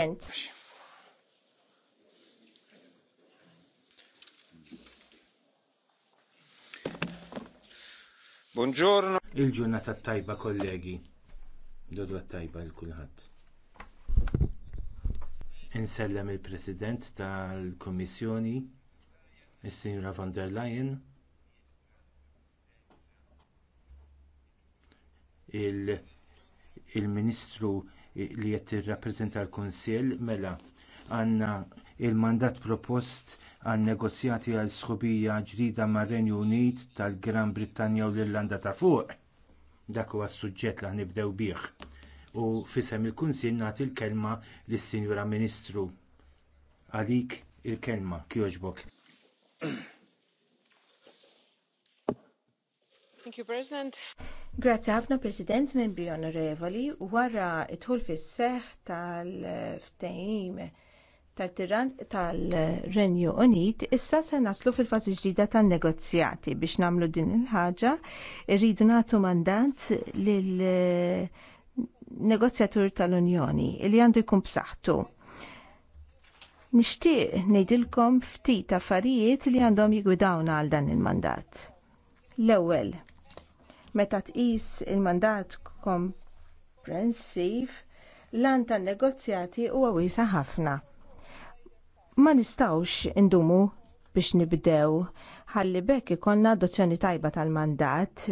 President. Buongiorno. Il-ġurnata tajba kollegi. Dodu tajba l-kulħadd. Insellem il-President tal-Kommissjoni, il-Sinjura von der Leyen, il-Ministru il ministru li qed tirrappreżenta l-Kunsill mela għandna il-mandat propost għan negozjati għal sħubija ġdida mar renju Unit tal-Gran Brittanja u l-Irlanda ta' fuq. Dak huwa s-suġġett li nibdew bih. U fisem il-Kunsil nagħti l-kelma lis-Sinjura Ministru. Għalik il-kelma, kjoġbok. Thank you, President. Grazie ħafna President membri onorevoli wara it-ħul fis-seħ tal-ftehim tal-Renju Unit issa se naslu fil-fażi ġdida tan-negozjati biex nagħmlu din il-ħaġa rridu nagħtu mandat lil negozjatur tal-Unjoni li għandu jkun b'saħħtu. Nixtieq ngħidilkom ftit affarijiet li għandhom jigwidawna għal dan il-mandat. L-ewwel, Meta tqis il-mandat komprensiv, lan tan negozjati huwa wiesa ħafna. Ma nistawx indumu biex nibdew ħalli bekk ikonna adozzjoni tajba tal-mandat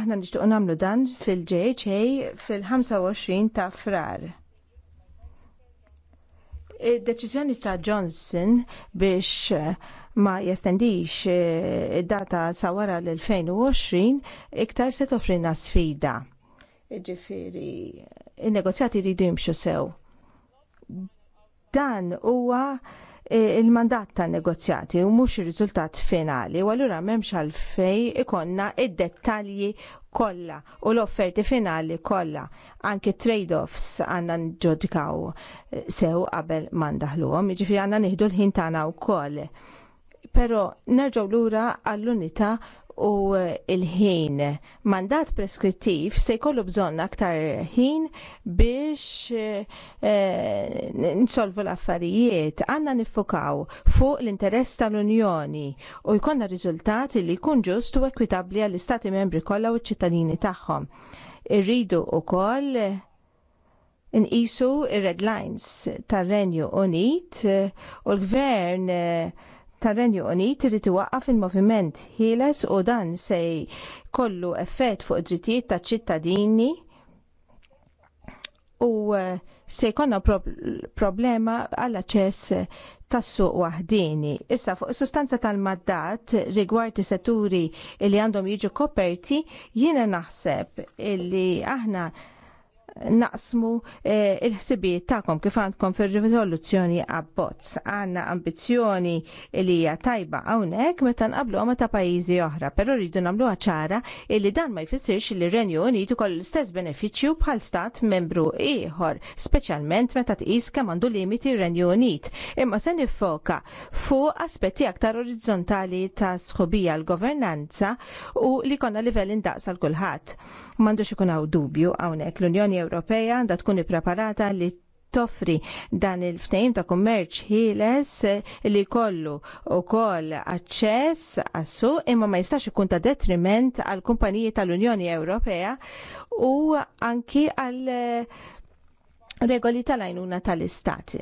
aħna nixtiequ namlu dan fil-JHA fil-25 ta' frar. Id-deċiżjoni ta' Johnson biex ma jestendix eh, data sawara l-2020 iktar se toffrina sfida. Ġifiri, il-negozjati rridu jimxu sew. Dan huwa eh, il-mandat ta' negozjati u mhux ir-riżultat finali u allura m'hemmx għalfej ikonna id-dettalji kollha u l-offerti finali kollha anke trade-offs għandna nġodikaw eh, sew qabel ma ndaħluhom, għanna għandna nieħdu l-ħin tagħna wkoll pero nerġaw lura għall-unità u il-ħin. Mandat preskrittiv se jkollu bżonn aktar ħin biex e, nsolvu l-affarijiet. Għanna nifukaw fuq l-interess tal-Unjoni u jkollna riżultati li jkun ġust u ekwitabli għall-Istati membri kollha u ċ-ċittadini tagħhom. Irridu wkoll nqisu ir-red lines tar-Renju Unit u l-Gvern eh, tar-Renju Unit irid iwaqqaf il-moviment ħieles u dan se kollu effett fuq id-drittijiet taċ-ċittadini u eh, se jkollna problema għall aċċess tas-suq waħdini. Issa fuq sustanza tal-maddat rigward is-setturi li għandhom jiġu koperti, jiena naħseb illi aħna naqsmu eh, il-ħsibiet tagħkom kif għandkom fir-rivoluzzjoni abbozz. Għandna ambizzjoni li hija tajba hawnhekk meta nqablu meta pajjiżi oħra, però rridu nagħmluha ċara li dan ma jfissirx li r-Renju Unit ukoll l-istess benefiċċju bħal stat membru ieħor, speċjalment meta tqis kemm għandu limiti r-Renju Unit. Imma se nifoka fuq aspetti aktar orizzontali ta' sħobija l-governanza u li konna livell indaqs għal kulħadd. M'għandux ikun hawn dubju hawnhekk l-Unjoni Ewropea għandha tkun ippreparata li toffri dan il-ftehim ta' kummerċ ħieles li kollu u koll aċċess għassu imma ma jistax ikun ta' detriment għal kumpaniji tal-Unjoni Ewropea u anki għal regoli tal-għajnuna tal-istat.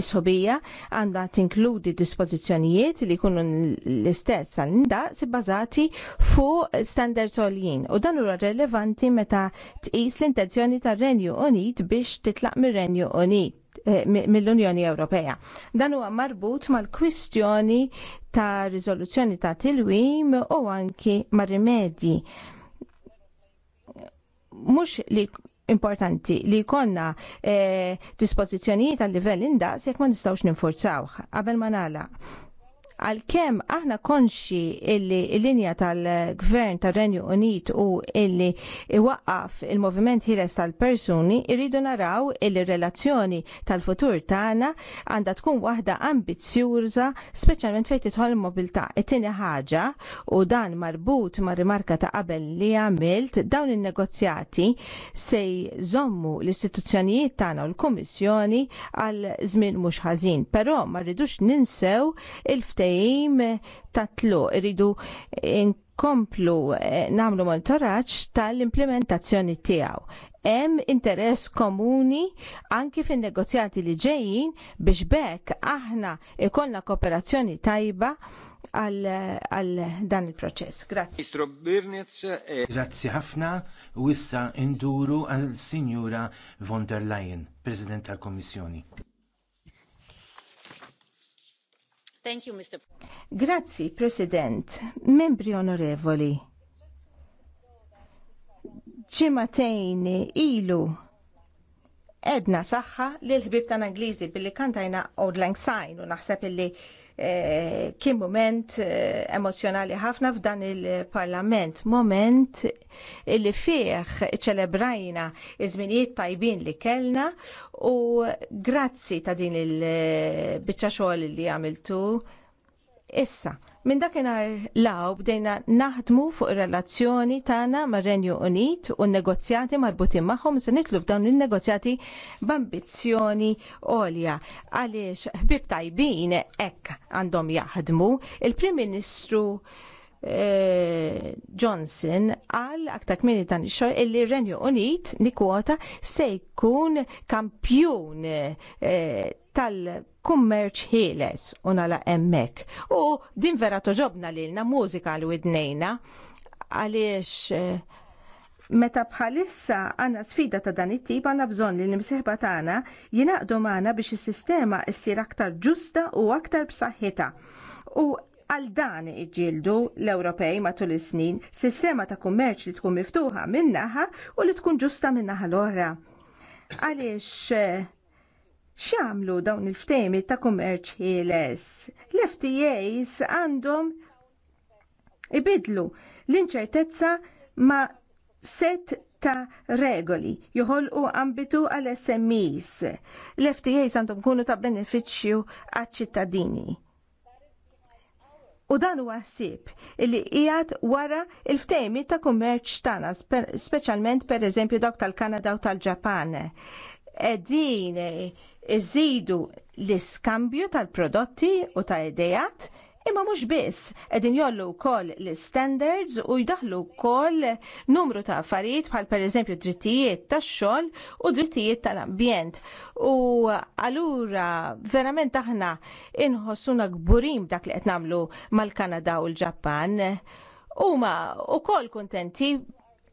Is-sobija għandha tinkludi dispożizzjonijiet li jkunu l-istess għal-indaqs bazati fuq standards għoljien u dan huwa relevanti meta tqis l-intenzjoni tar-Renju Unit biex titlaq mir-Renju Unit eh, mill-Unjoni Ewropea. Dan huwa marbut mal-kwistjoni ta' riżoluzzjoni ta' tilwim u anki mar-rimedji. Mux li importanti li jkollna eh, dispozizjoni għal livell indaqs jekk ma nistgħux ninforzawh qabel ma nala għalkemm aħna konxi illi l-linja tal-Gvern tar-Renju Unit u illi iwaqqaf il-moviment ħires tal-persuni, irridu naraw illi relazzjoni tal-futur tagħna għandha tkun waħda ambizzjuża, speċjalment fejn tidħol il-mobilità. It-tieni ħaġa u dan marbut ma' rimarka ta' qabel li għamilt dawn in-negozjati se jżommu l-istituzzjonijiet tagħna u l-Kummissjoni għal żmien mhux ħażin, però ma rridux ninsew il-ftej ftehim ta' iridu nkomplu eh, nagħmlu monitoraġġ tal-implementazzjoni tiegħu. Hemm interess komuni anki fin-negozjati li ġejjin biex bekk aħna ikollna kooperazzjoni tajba għal dan il-proċess. Grazzi. Ministru Birnitz. E- Grazzi ħafna u issa induru għal Sinjura von der Leyen, President tal-Kommissjoni. Thank you, Mr. Grazie, President. Membri onorevoli. Ġimatejn ilu edna saħħa li l-ħbib tan Angliżi billi kantajna Old Lang Syne u naħseb illi eh, kien moment eh, emozjonali ħafna f'dan il-parlament, moment illi fih ċelebrajna iż-żminijiet tajbin li kellna u grazzi ta' din il-biċċa eh, xogħol li għamiltu Issa, Minn dakinhar law bdejna naħdmu fuq ir-relazzjoni tagħna mar-Renju Unit u n-negozjati marbutin magħhom se nitlu f'dawn in-negozjati b'ambizzjoni għolja għaliex ħbib tajbin hekk għandhom jaħdmu il-Prim Ministru Eh, Johnson għal aktar kmini tan xoj illi Renju Unit nikwota se jkun kampjun eh, tal-kummerċ ħieles unala emmek. U din vera toġobna lilna mużika l-widnejna għaliex eh, Meta bħalissa għanna sfida ta' dan it-tip għanna bżon li l tagħna jinaqdu għana biex is-sistema ssir aktar ġusta u aktar b'saħħitha. U Għal dan iġġieldu l-Ewropej matul is-snin sistema ta' kummerċ li tkun miftuħa minn naħa u li tkun ġusta minn naħa l-oħra. Għaliex eh, x'għamlu dawn il-ftemi ta' kummerċ ħieles? L-FTAs għandhom ibidlu l-inċertezza ma' set ta' regoli joħolqu ambitu għal SMEs. L-FTAs għandhom kunu ta' beneficju għal ċittadini. U dan huwa ħsieb li qiegħed wara il-ftejmi ta' kummerċ tagħna, speċjalment pereżempju dawk tal-Kanada u tal-Ġapan. Qegħdin iżidu l-iskambju tal-prodotti u ta' idejat Imma mhux biss qegħdin jollu wkoll l-standards u jdaħlu wkoll numru ta' affarijiet bħal pereżempju drittijiet tax-xogħol u drittijiet tal-ambjent. U allura verament aħna inħossuna gburim dak li qed nagħmlu mal-Kanada u l-Ġappan. Huma wkoll kuntenti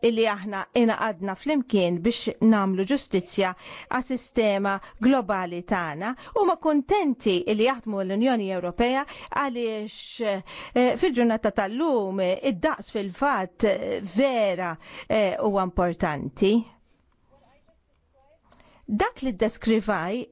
illi aħna inaqadna flimkien biex namlu ġustizzja għas sistema globali tagħna u ma kontenti illi jaħdmu l-Unjoni Ewropea għaliex eh, fil-ġurnata tal-lum id-daqs fil-fatt eh, vera eh, huwa importanti. Dak li deskrivej,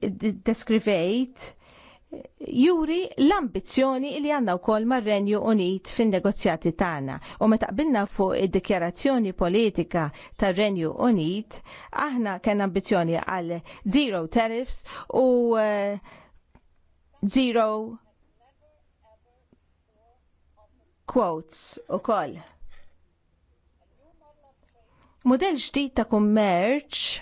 juri l-ambizjoni li għanna u kol marrenju unit fin negozjati tagħna. U meta qbilna fuq id-dikjarazzjoni politika tar renju unit, aħna kien ambizjoni għal zero tariffs u eh, zero quotes u kol. Model ġdid ta' kummerċ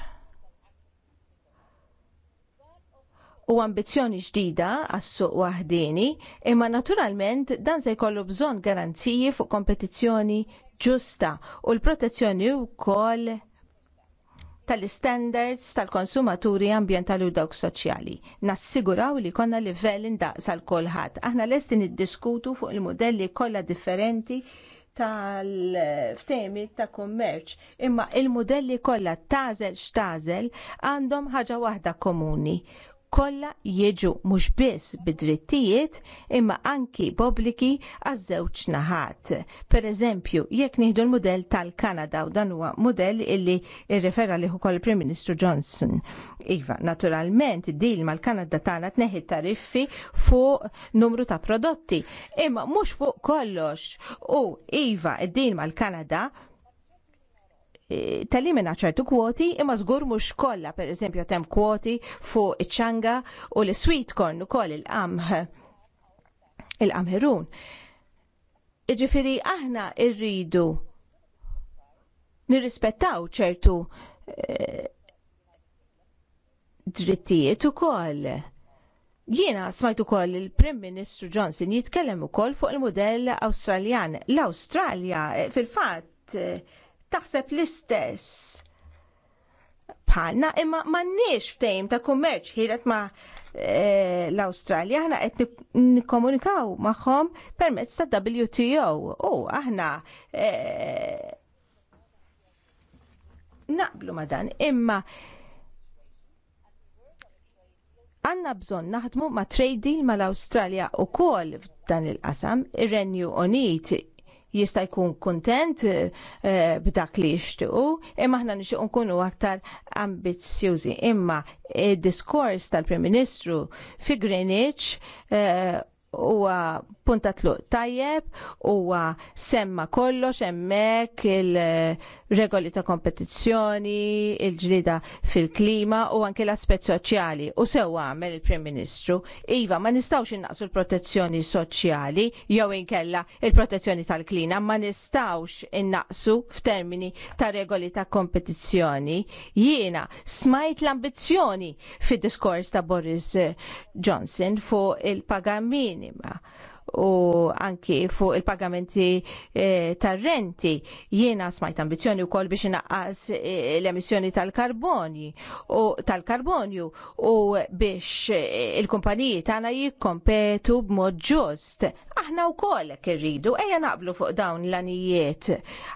u ambizzjoni ġdida għas-suq waħdini, imma naturalment dan se jkollu bżonn garanziji fuq kompetizzjoni ġusta u l-protezzjoni wkoll tal-standards tal-konsumaturi ambjentali u dawk soċjali. Nassiguraw li konna livell indaqsa għal kulħadd. Aħna lesti niddiskutu fuq il-modelli kollha differenti tal-ftemi ta' kummerċ, imma il-modelli kollha tażel x'tażel għandhom ħaġa waħda komuni kollha jiġu mhux biss bid-drittijiet imma anki b'obbligi għaż-żewġ naħat. Pereżempju, jekk nieħdu l-mudell tal-Kanada u dan huwa mudell illi rrifera liħu ukoll prim Ministru Johnson. Iva, naturalment dil mal-Kanada tagħna tneħi tariffi fuq numru ta' prodotti, imma mhux fuq kollox. U iva, id-dil mal-Kanada Eh, telimina ċertu kwoti imma żgur mhux kollha pereżempju tem kwoti fuq iċ-ċanga u l-sweet corn ukoll il-qamħ il-qamħirun. Iġifieri aħna rridu nirrispettaw ċertu eh, drittijiet ukoll. Jiena smajt ukoll il-Prim Ministru Johnson jitkellem ukoll fuq il-modell Awstraljan. L-Awstralja eh, fil-fatt taħseb l-istess bħalna imma m'għandniex ftejm ta' kummerċ ħiret ma' eh, l-Awstralja aħna qed nikkomunikaw magħhom permezz ta' WTO u aħna eh, naqblu ma' dan imma għanna bżon naħdmu ma' trade deal ma' l-Awstralja u kol f'dan il-qasam ir-Renju Unit jista' jkun kuntent eh, b'dak li jixtiequ, imma aħna nixtiequ nkunu aktar ambizzjużi. Imma id-diskors tal-Prim Ministru fi Greenwich eh, huwa punta tluq tajjeb, huwa semma kollox hemmhekk il- regoli ta' kompetizzjoni, il-ġlida fil-klima u anke l-aspet soċjali. U sew għamel il-Prim Ministru, Iva, ma nistawx innaqsu l-protezzjoni soċjali, jew inkella il-protezzjoni tal-klima, ma nistawx innaqsu f'termini ta' regoli ta' kompetizzjoni. Jiena smajt l-ambizzjoni fid-diskors ta' Boris Johnson fuq il-paga minima u anki fuq il-pagamenti eh, tar-renti. Jiena smajt ambizjoni wkoll biex inaqqas eh, l-emissjoni tal-karbonju u tal-karbonju u biex eh, il-kumpaniji tagħna jikkompetu b'mod ġust. Aħna wkoll hekk irridu ejja naqblu fuq dawn l-anijiet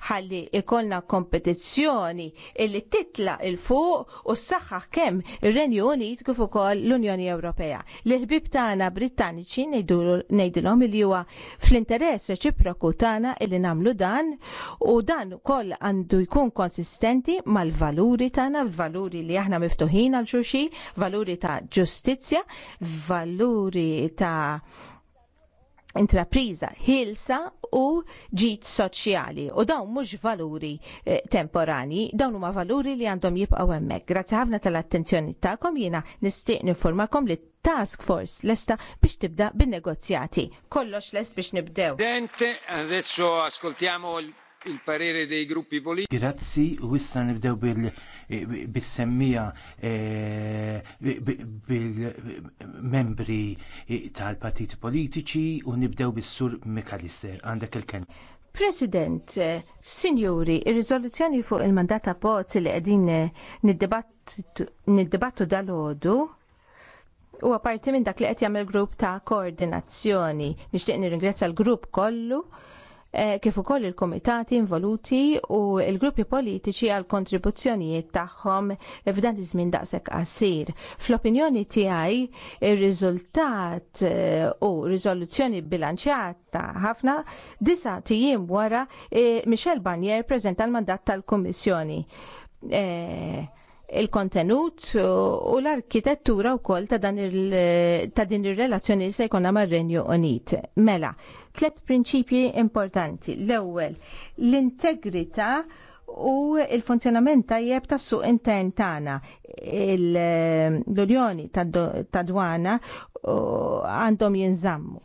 ħalli ikollna kompetizzjoni illi titla il fuq u s saxħa kemm ir-Renju Unit kif ukoll l-Unjoni Ewropea. L-ħbib tagħna Brittaniċi ngħidulhom li huwa fl-interess reċiproku tagħna li nagħmlu dan u dan ukoll għandu jkun konsistenti mal-valuri tagħna, valuri li aħna miftuħin għal xulxin, valuri ta' ġustizzja, valuri ta' intrapriża ħilsa u ġid soċjali u dawn mhux valuri eh, temporani, dawn huma valuri li għandhom jibqgħu hemmhekk. Grazzi ħafna tal-attenzjoni tagħkom jiena nistieq nifurmakom li task force lesta biex tibda bin-negozjati. Kollox lest biex nibdew. Dente, adesso ascoltiamo il parere dei gruppi politici. Grazzi, u issa nibdew bil bis-semmija eh, bil-membri tal-partiti politiċi u nibdew bis-sur Mikalister. Għandek il-kelm. President, sinjuri, il riżoluzzjoni fuq il mandata poz li li qegħdin eh, niddibattu dal ħodu u parti minn dak li qed jagħmel grupp ta' koordinazzjoni. Nixtieq nirringrazzja l-grupp kollu Eh, kif ukoll il-komitati involuti u il-gruppi politiċi għal kontribuzzjonijiet tagħhom f'dan iż-żmien daqshekk qasir. Fl-opinjoni tiegħi ir-riżultat eh, u riżoluzzjoni bilanċjata ħafna disa tim wara eh, Michel Barnier preżenta l-mandat tal-Kummissjoni. il-kontenut u l-arkitettura wkoll ta' din ir-relazzjoni se jkollna mar-Renju Unit. Mela, tlet prinċipji importanti. L-ewwel, l-integrità u l funzjonament tajjeb tas suq intern tagħna. L-Unjoni tad dwana għandhom jinżammu.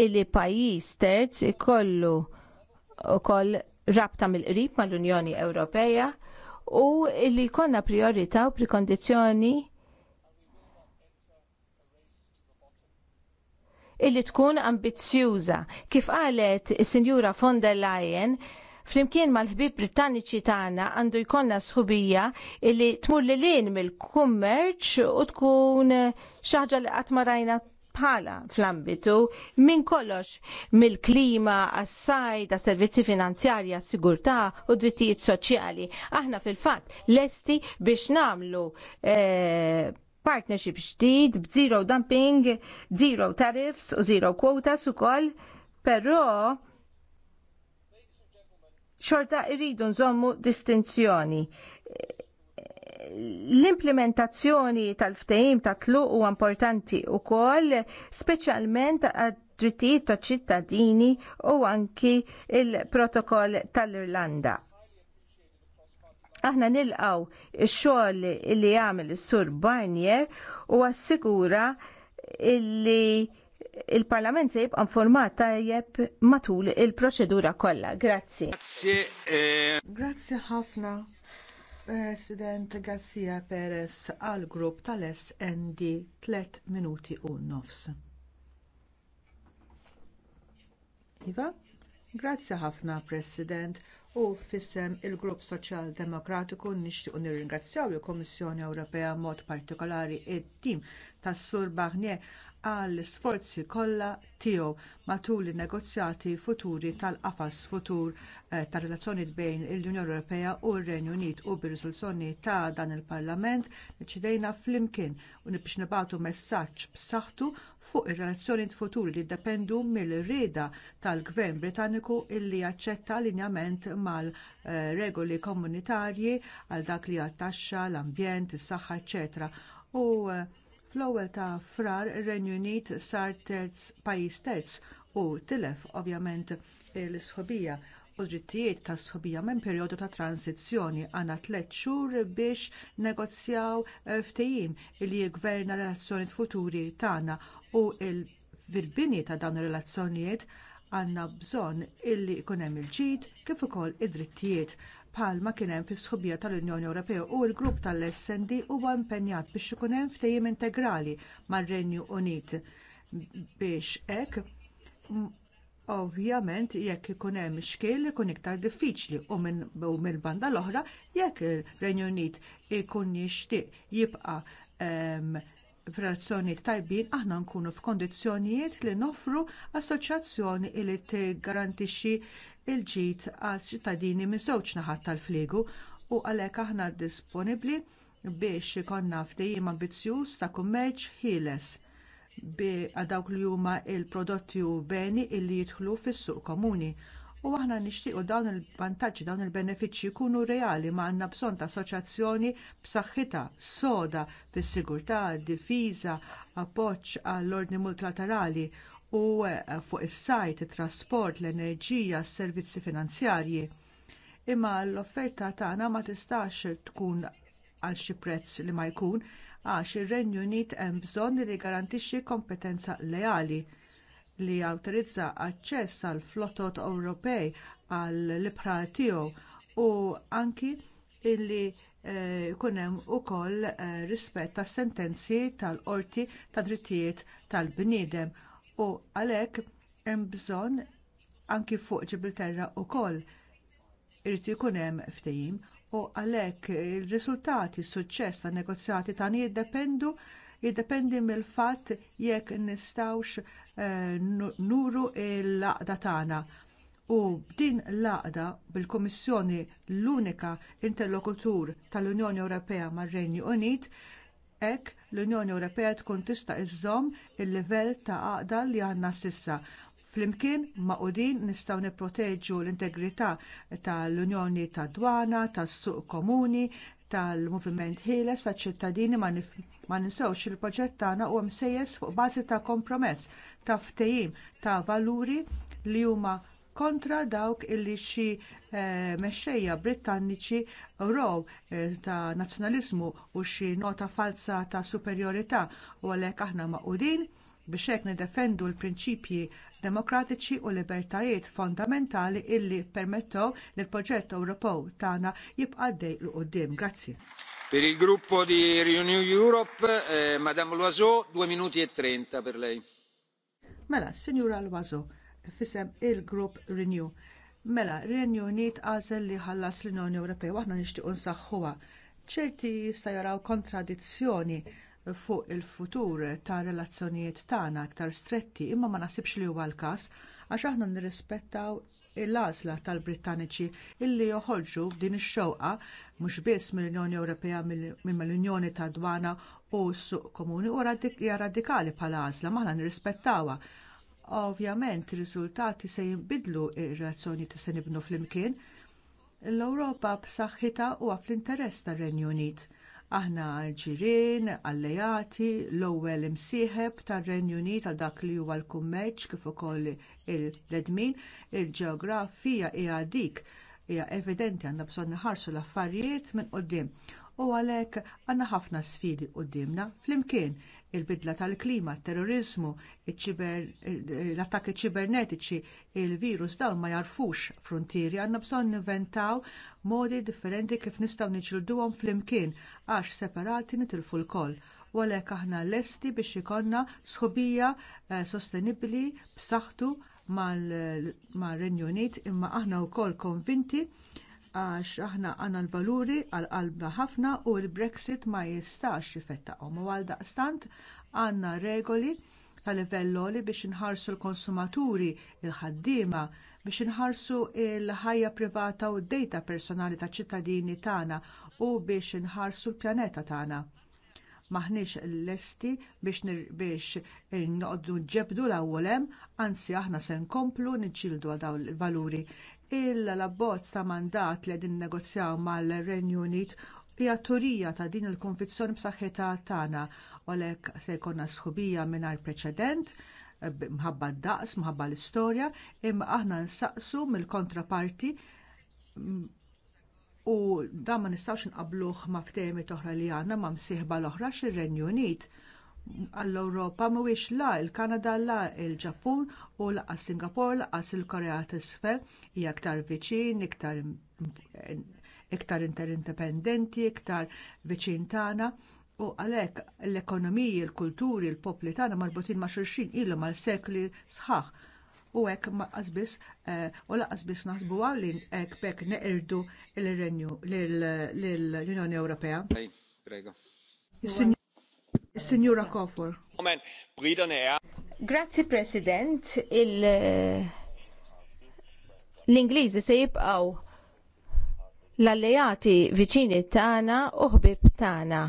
Ili pajjiż terz ikollu wkoll rabta mill-qrib mal-Unjoni Ewropea u li jkollna priorità u prikondizzjoni. illi tkun ambizzjuża. Kif qalet is-Sinjura von der Leyen, flimkien mal-ħbib Britanniċi tagħna għandu jkollna sħubija li tmur li lin mill-kummerċ u tkun xaħġa li qatt ma rajna bħala fl-ambitu minn kollox mill-klima, għas-sajd, servizzi finanzjarji, għas-sigurtà u drittijiet soċjali. Aħna fil-fatt lesti biex namlu eh, partnership ġdid b'zero dumping, zero tariffs u zero quotas ukoll, però xorta irridu nżommu distinzjoni. L-implementazzjoni tal-ftehim ta' tluq huwa importanti wkoll, speċjalment għad-drittijiet ta' ċittadini u anki il-protokoll tal-Irlanda aħna nilqaw il-xogħol li jagħmel is-Sur Barnier u assigura illi il-Parlament se jibqa' informat tajjeb matul il-proċedura kollha. Grazzi. Grazzi eh. ħafna. President Garcia Perez għal grupp tal-SND 3 minuti u nofs. Iva? Grazzi ħafna, President, u fissem il-Grupp Soċjal Demokratiku nixtiequ nirringrazzjaw il kummissjoni Ewropea mod partikolari id-tim tas-Sur Barnier għall sforzi kollha tiegħu matul in-negozjati futuri tal-qafas futur eh, tar relazzjoni bejn l-Unjoni Ewropea u r-Renju Unit u bir-riżoluzzjoni ta' dan il-Parlament ċidejna flimkien u nibbix nibagħtu messaġġ b'saħħtu fuq ir-relazzjonijiet futuri li ddependu mill-rieda tal-Gvern Britanniku illi jaċċetta linjament mal-regoli komunitarji għal dak li għat l-ambjent, is-saħħa, eċetera. U eh, fl-ewwel ta' frar ir-Renju Unit sar terz pajjiż terz u tilef ovvjament l-isħobija il drittijiet tas sħobija minn perjodu ta' transizzjoni għandna tliet xhur biex negozjaw eh, ftehim li jgverna relazzjonijiet futuri tagħna u fil-bini ta' dawn ir-relazzjonijiet għandna bżonn illi jkun hemm il-ġid kif ukoll id-drittijiet bħalma kien hemm fis-sħubija tal-Unjoni Ewropea u l-grupp tal-SND huwa impenjat biex ikun hemm ftehim integrali mar-Renju Unit biex hekk Ovvjament jekk ikun hemm xkil ikun iktar diffiċli u mill banda l-oħra jekk ir-Renju Unit ikun jixtieq jibqa' ehm, frazzjonijiet tajbin aħna nkunu f'kondizzjonijiet li noffru assoċjazzjoni li tiggarantixxi l ġid għal ċittadini minn żewġ naħat tal-fliegu u għalhekk aħna disponibbli biex ikonna ftehim ambizzjuż ta' kummerċ ħieles għal dawk li huma l prodotti u beni illi jidħlu fis-suq komuni. U aħna nixtiequ dawn il-vantaġġi, dawn il-benefiċċji jkunu reali ma għandna bżonn ta' assoċjazzjoni b'saħħitha soda fis-sigurtà, difiża, appoġġ għall-ordni multilaterali u eh, fuq is-sajt, it trasport, l-enerġija, s-servizzi finanzjarji. Imma l-offerta tagħna ma tistax tkun għal xi prezz li ma jkun għax ir-Renju Unit hemm bżonn li jgarantixxi kompetenza leali li jawtorizza aċċess għal flottot Ewropej għal l-ibħar tiegħu u anki illi eh, jkun hemm ukoll eh, rispett tas sentenzi tal-qorti ta' drittijiet tal-bniedem u għalhekk hemm bżonn anki fuq Ġibilterra wkoll irid ikun hemm ftehim u għalhekk ir-riżultati s-suċċess tan negozjati tagħni jiddependu jiddependi mill-fatt jekk nistgħux eh, nuru l-laqda tagħna. U din l-laqda bil-Kummissjoni l-unika interlokutur tal-Unjoni Ewropea mar-Renju Unit hekk l-Unjoni Ewropea tkun tista' iżżomm il-livell ta' għaqda li għandna s'issa Flimkien ma' udin nistaw niproteġu l-integrità tal-Unjoni tad Dwana, tas-Suq Komuni, tal-Moviment Ħieles taċ ċittadini ma ninsewx il-proġett tagħna huwa msejjes fuq bażi ta' kompromess ta' ftehim ta' valuri li huma kontra dawk illi xi eh, mexxejja Brittaniċi row eh, ta' nazzjonaliżmu u xi nota falsa ta' superjorità u għalhekk aħna maqudin biex hekk nidefendu l-prinċipji demokratiċi u libertajiet fondamentali illi permettaw li l-proġett Ewropew tagħna jibqa' għaddej l qudiem Grazzi. Per il gruppo di Renew Europe, eh, Madame Loiseau, 2 minuti e 30 per lei. Mela, Signora Loiseau, fissem il-grupp Renew. Mela, Renew Unit għażel li ħallas l-Unjoni Ewropea, aħna nixtiequ saħħuwa. ċerti jista' jaraw kontradizzjoni fuq il-futur ta' relazzjonijiet tagħna aktar stretti imma ma naħsibx li huwa l-każ għax aħna nirrispettaw l-għażla tal-Brittaniċi illi joħolġu f'din ix-xewqa mhux biss mill-Unjoni Ewropea mill-Unjoni tad Dwana u s-suq komuni u hija radikali bħala għażla maħna nirrispettawha. Ovvjament ir-riżultati se jinbidlu ir-relazzjoni ta' se nibnu flimkien. L-Ewropa b'saħħitha huwa fl-interess tar-Renju Unit aħna ġirien, allejati, l-ewwel imsieħeb tar-Renju Unit għal dak li huwa l-kummerċ kif ukoll il-redmin, il-ġeografija hija dik hija evidenti għandna bżonn ħarsu l-affarijiet minn quddiem. U għalhekk għandna ħafna sfidi qudiemna flimkien il-bidla tal-klima, terrorizmu, l-attakki ċibernetiċi, il-virus dawn ma jarfux frontieri, għandna bżonn nivventaw modi differenti kif nistgħu niġilduhom flimkien għax separati nitilfu l-koll. Walek aħna lesti biex ikonna sħubija eh, sostenibbli b'saħħtu mal-Renju Unit imma aħna wkoll konvinti għax aħna għandna l-valuri għal-qalbna ħafna u l-Brexit ma jistax jifettaqhom u għaldaqstant daqstant għandna regoli tal livell li biex inħarsu l-konsumaturi, il-ħaddiema, biex inħarsu l ħajja privata u d-dejta personali taċ ċittadini tagħna u biex inħarsu l-pjaneta tagħna maħniex lesti biex noqogħdu noqdu ġebdu l hemm, anzi aħna se nkomplu niġġieldu għal dawn il-valuri. Illa l-abbozz ta' mandat li din negozjaw mal-Renju Unit hija turija ta' din il-konvizzjoni b'saħħitha tagħna għalhekk se jkollna sħubija mingħajr preċedent eh, mħabba d-daqs, mħabba l-istorja, imma aħna nsaqsu mill-kontraparti u dan ma nistgħux nqabluħ ma' ftehmi oħra li għandna ma' msieħba l-oħra xir-Renju Unit għall-Ewropa mhuwiex la il-Kanada la il-Ġappun u laqas Singapore laqas il-Korea t-isfel hija aktar viċin, iktar iktar interindependenti, iktar viċin tagħna u għalhekk l-ekonomiji, l-kulturi, l-popli tagħna marbutin ma' xulxin ilhom għal sekli sħaħ u hekk ma qasbis eh, u qasbis naħsbu li hekk bekk neqirdu il-renju lill-Unjoni Ewropea. Signora Kofor. Grazzi President, l-Ingliżi se jibqgħu l-alleati viċini tagħna u ħbieb tagħna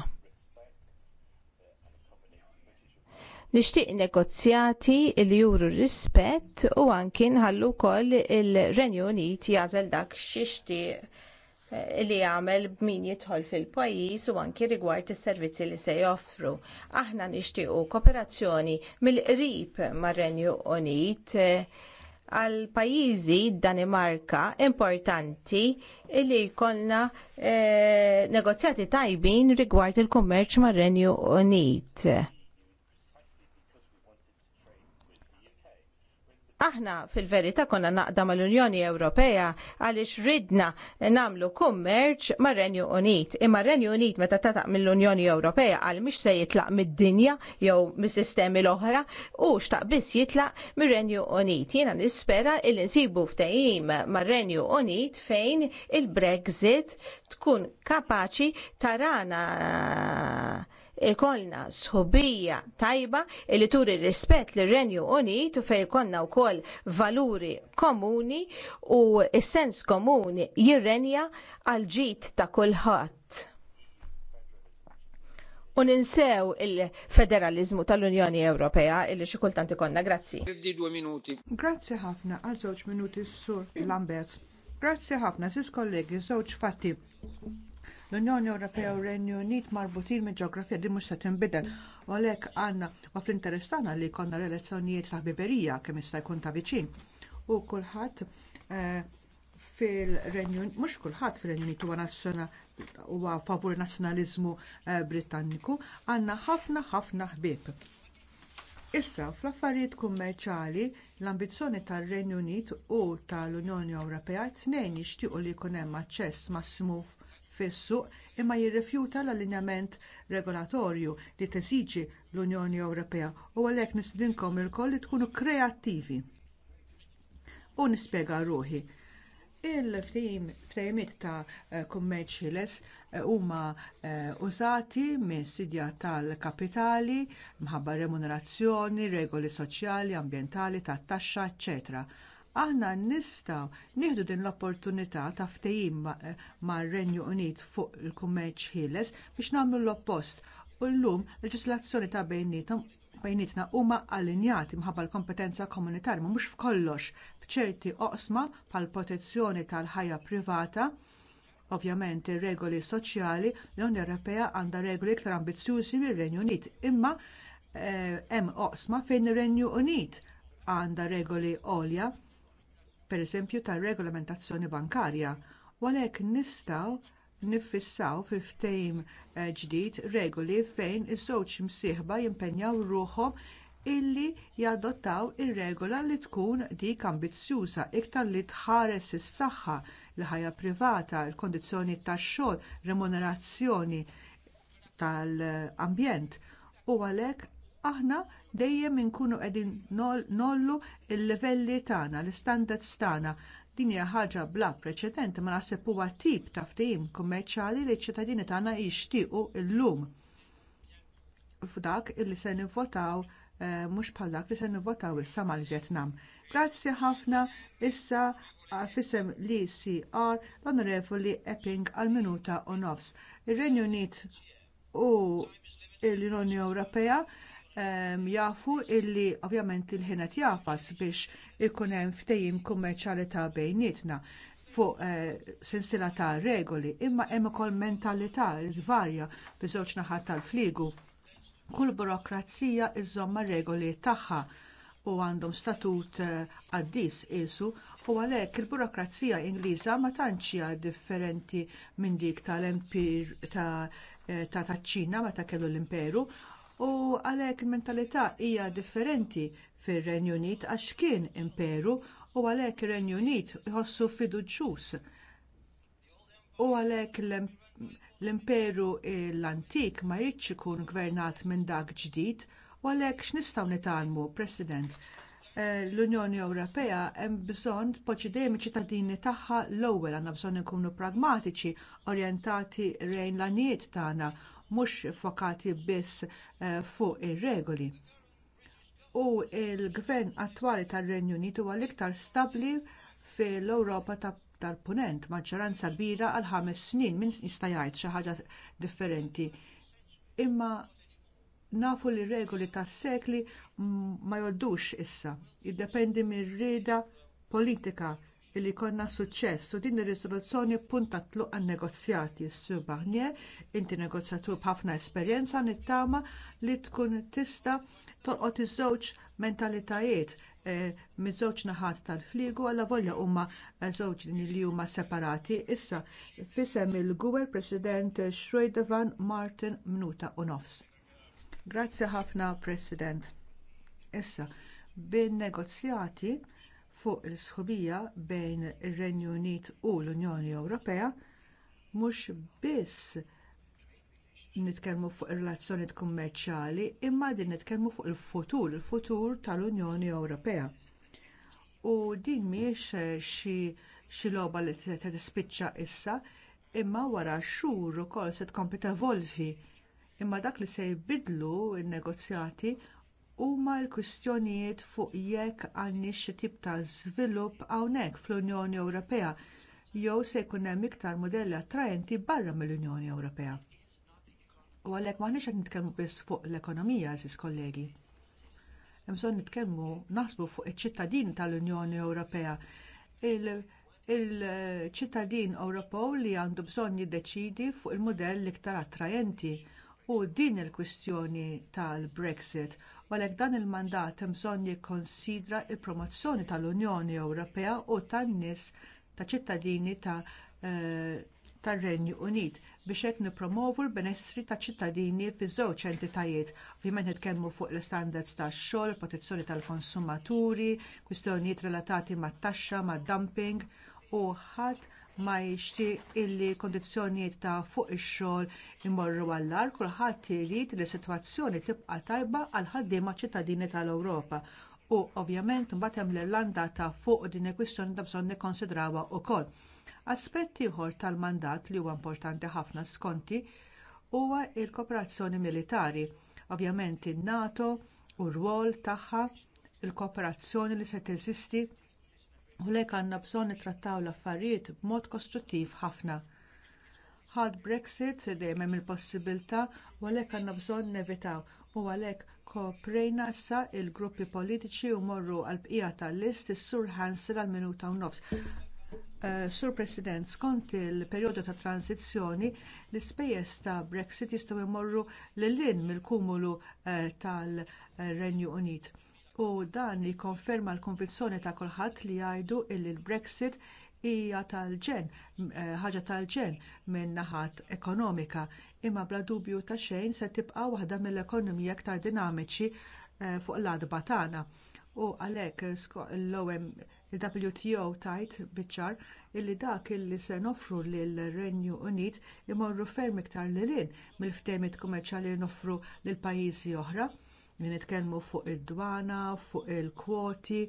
Nixtieq negozjati li juru rispett u anki nħallu wkoll il-Renju Unit jażel dak xixtieq li jagħmel b'min jidħol fil-pajjiż u anki rigward is-servizzi li se joffru. Aħna nixtiequ kooperazzjoni mill-qrib mar-Renju Unit għal pajjiżi Danimarka importanti li jkollna eh, negozjati tajbin rigward il-kummerċ mar-Renju Unit Aħna fil-verità konna naqda mal-Unjoni Ewropea għaliex ridna namlu kummerċ mar renju Unit. Imma renju Unit meta tataq mill-Unjoni Ewropea għal mhix se jitlaq mid-dinja jew mis-sistemi l-oħra u xtaq bis jitlaq mir-Renju Unit. Jiena nispera il nsibu ftehim mar-Renju Unit fejn il-Brexit tkun kapaċi tarana ikolna sħubija tajba li turi rispett lir renju Unit u fejn ikollna wkoll valuri komuni u s-sens komuni jirrenja għal ġid ta' kulħadd. U ninsew il-federalizmu tal-Unjoni Ewropea illi xi kultant ikollna. Grazzi. Grazzi ħafna għal żewġ minuti s-sur Lambert. Grazzi ħafna, sis kollegi, żewġ fatti. L-Unjoni Ewropea u Renju Unit marbutin minn ġeografija li mhux se tinbidel. U għalhekk għandna u fl-interess tagħna li jkollna relazzjonijiet ta' ħbiberija kemm jista' jkun ta' viċin. U kulħadd eh, fil-Renju Unit, mhux kulħadd fir renju Unit huwa huwa favur nazzjonaliżmu eh, Britanniku, għandna ħafna ħafna ħbieb. Issa, fl-affarijiet kummerċali, l-ambizzjoni tar-Renju Unit u tal-Unjoni Ewropea tnejn jixtiequ li jkun hemm aċċess massimu fis-suq imma jirrifjuta l-allinjament regolatorju li tesiġi l-Unjoni Ewropea u għalhekk nislinkom ilkoll li tkunu kreattivi. U nispjega ruħi. Il-ftejmit ta' eh, kummerċ ħiles eh, huma eh, użati minn sidja tal-kapitali, mħabba remunerazzjoni, regoli soċjali, ambjentali, tat taxxa, eċċetera aħna nistaw nieħdu din l-opportunità ta' ftehim mar-Renju Unit fuq il-kummerċ ħieles biex nagħmlu l-oppost u llum leġislazzjoni ta' bejnietom bejnietna huma allinjati mħabba l-kompetenza komunitarja mhux f'kollox f'ċerti oqsma bħal protezzjoni tal-ħajja privata Ovvjament ir-regoli soċjali l-Unjoni Ewropea għandha regoli iktar ambizzjużi mir-Renju Unit, imma eh, hemm oqsma fejn ir-Renju Unit għandha regoli għolja pereżempju tar-regolamentazzjoni bankarja, u għalhekk nistgħu niffissaw fil-ftehim eh, ġdid regoli fejn iż-żewġ msieħba jimpenjaw ruħhom illi jadottaw ir-regola li tkun dik ambizzjuża iktar li tħares is-saħħa, il-ħajja privata, il kundizzjoni tax-xogħol, remunerazzjoni tal-ambjent u għalhekk aħna dejjem inkunu qegħdin nollu l-livelli tagħna, l-istandards tagħna. Din hija ħaġa bla preċedent ma naħseb huwa tip ta' ftehim kummerċjali li ċ-ċittadini tagħna jixtiequ llum. F'dak illi se nivvotaw eh, mhux bħal dak li se nivvotaw issa mal-Vjetnam. Grazzi ħafna issa fisem li e CR l-Onorevoli Epping għal minuta u nofs. Ir-Renju Unit u l-Unjoni Ewropea jafu illi ovvjament il-ħinet jafas biex ikun hemm kummerċali ta' bejnietna fuq eh, sensila ta' regoli, imma hemm ukoll mentalità li tvarja biżewġ naħat tal-fliegu. Kull burokrazija iżomma regoli tagħha u għandhom statut eh, għaddis isu u għalek il-burokrazija Ingliża ma tantx hija differenti minn dik tal-empir ta' eh, ta' ċina meta kellu l-imperu u għalhekk il-mentalità hija differenti fir-Renju Unit għax kien imperu u għalhekk ir-Renju Unit jħossu ġus. U għalhekk l-imperu l-antik ma jridx ikun gvernat minn dak ġdid u għalhekk x'nistgħu nitalmu, President, eh, l-Unjoni Ewropea hemm bżonn tpoġġi dejjem iċ-ċittadini tagħha l-ewwel għandna bżonn ikunu pragmatiċi, orjentati rejn l-għanijiet tagħna mhux fokati biss eh, fuq ir-regoli. U l gvern attwali tar-Renju Unit huwa l-iktar stabbli fil-Ewropa tal-Punent maġġoranza kbira għal ħames snin minn jista' jgħid xi ħaġa differenti. Imma nafu li r regoli tas-sekli ma jgħoddux issa, jiddependi mir-rieda politika Illi konna suċċess u din ir-riżoluzzjoni punta tluq għan negozjati Sur Barnier, inti negozjatur b'ħafna esperjenza nittama li tkun tista' tolqot iż-żewġ mentalitajiet eh, miż-żewġ naħat tal-fliegu għalla volja huma żewġ li huma separati. Issa fisem il-Gwer President Schroedevan Martin Mnuta u nofs. Grazzi ħafna President. Issa bin negozjati fuq il sħubija bejn ir-Renju Unit u l-Unjoni Ewropea mhux biss nitkellmu fuq ir-relazzjonijiet kummerċjali imma din nitkellmu fuq il-futur, il-futur tal-Unjoni Ewropea. U din mhijiex eh, xi logħba li se tispiċċa issa, imma wara xhur ukoll se tkompli tevolvi imma dak li se jbidlu n negozjati huma l-kwistjonijiet fuq jekk għandniex xi tip ta' żvilupp hawnhekk fl-Unjoni Ewropea jew se jkun hemm iktar mudelli attrajenti barra mill-Unjoni Ewropea. U għalhekk m'aħniex qed nitkellmu biss fuq l-ekonomija eżis kollegi. Hemm bżonn nitkellmu naħsbu fuq iċ-ċittadin tal-Unjoni Ewropea il-ċittadin Ewropew li għandu bżonn jiddeċiedi fuq il mudell l-iktar attrajenti u din il-kwistjoni tal-Brexit għalhekk dan il-mandat hemm bżonn jikkonsidra l promozzjoni tal-Unjoni Ewropea u tan-nies ta' ċittadini ta' eh, tar-Renju Unit biex qed nippromovu l-benessri ta' ċittadini fiż-żewġ entitajiet. Ovvjament nitkellmu fuq l-istandards tax-xogħol, protezzjoni tal-konsumaturi, kwistjonijiet relatati mat-taxxa, mad-dumping u ħadd ma jixtieq illi kundizzjonijiet ta' fuq ix-xogħol imorru għall-ar kulħadd irid li sitwazzjoni tibqa' tajba għal ħaddiema ċittadini tal-Ewropa. U ovvjament mbagħad hemm l-Irlanda ta' fuq din il-kwistjoni ta' bżonn nikkonsidrawha wkoll. Aspett ieħor tal-mandat li huwa importanti ħafna skonti huwa l kooperazzjoni militari. Ovvjament in-NATO u r-rwol tagħha il-kooperazzjoni li se teżisti Għulek għandna bżonn nittrattaw l-affarijiet b'mod kostruttiv ħafna. Ħadd Brexit dejjem hemm il-possibilità u għalhekk għandna bżonn nevitaw u għalhekk koprejna sa il-gruppi politiċi u morru għall bqija tal-list is-sur Hansel għal minuta u nofs. Eh, sur President, skont il perjodu ta' transizzjoni, l-ispejjeż ta' Brexit jistgħu jmorru lil lin mill-kumulu eh, tal-Renju Unit u dan jikkonferma l konvizzjoni ta' kulħadd li jgħidu li l-Brexit hija tal-ġen, eh, ħaġa tal-ġen minn naħat ekonomika, imma bla dubju ta' xejn se tibqa' waħda mill-ekonomija aktar dinamiċi eh, fuq l-adba tagħna. U għalhekk l-OM il-WTO tajt biċ-ċar illi dak illi se noffru lill renju Unit imorru ferm iktar lilin mill-ftehmiet kummerċjali noffru lil pajjiżi oħra nitkellmu fuq id-dwana, fuq il-kwoti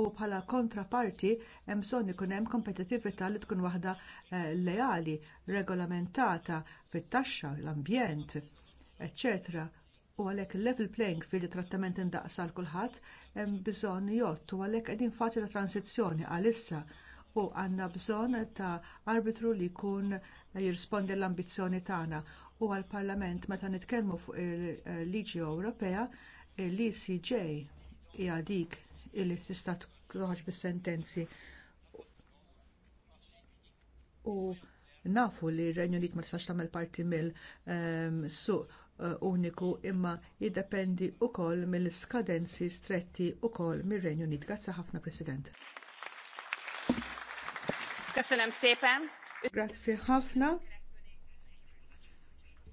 u bħala kontraparti hemm bżonn ikun hemm kompetitività li tkun waħda eh, leali, regolamentata fit-taxxa, l-ambjent, etc. U għalhekk il-level playing field trattament indaqsa għal kulħadd hemm bżonn jott u għalhekk qegħdin faċli ta' transizzjoni għalissa u għandna bżonn ta' arbitru li jkun eh, jirrispondi l-ambizzjoni tagħna u għall-Parlament meta nitkellmu fuq il-Liġi Ewropea l-ECJ hija dik illi tista' toħroġ bis-sentenzi u nafu li r-Renju Unit ma tistax tagħmel parti mill-suq ehm, eh, uniku imma jiddependi wkoll mill-skadenzi stretti wkoll mir-Renju Unit. Grazzi ħafna President. Grazzi ħafna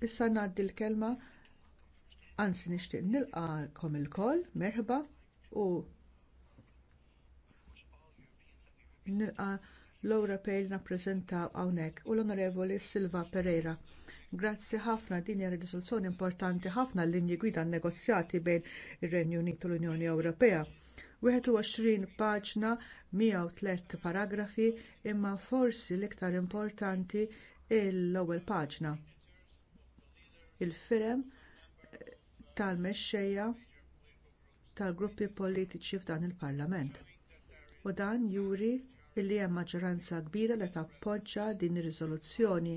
issa ngħaddi l-kelma anzi nixtieq nilqakom ilkoll, merħba u nilqa l Pejl napprezenta hawnhekk u l-Onorevoli Silva Pereira. Grazzi ħafna din hija riżoluzzjoni importanti ħafna l-linji gwida negozjati bejn ir-Renju Unit u l-Unjoni Ewropea. 21 paġna 103 paragrafi imma forsi l-iktar importanti l-ewwel paġna il-firem eh, tal-mexxejja tal-gruppi politiċi f'dan il-Parlament. U dan juri li hemm maġġoranza kbira li tappoġġja din ir-riżoluzzjoni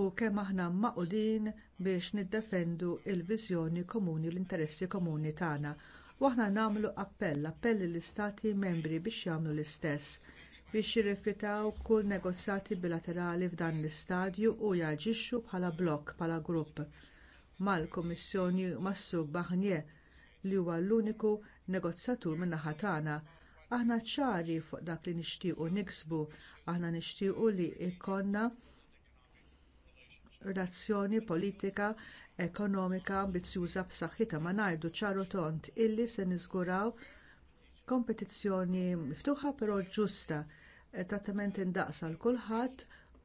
u kemm aħna maqudin biex niddefendu l viżjoni komuni u l-interessi komuni tagħna. U aħna nagħmlu appell, appell lill istati membri biex jagħmlu l-istess biex jirrifjutaw kull negozjati bilaterali f'dan l-istadju u jaġixxu bħala blokk bħala grupp mal-Kummissjoni Massu Barnier li huwa l-uniku negozjatur min-naħa tagħna. Aħna ċari fuq dak li nixtiequ niksbu, aħna nixtiequ li jkollna relazzjoni politika ekonomika ambizzjuża b'saħħitha ma ngħidu ċaru tont illi se niżguraw kompetizzjoni miftuħa però ġusta trattament indaqsa l kulħadd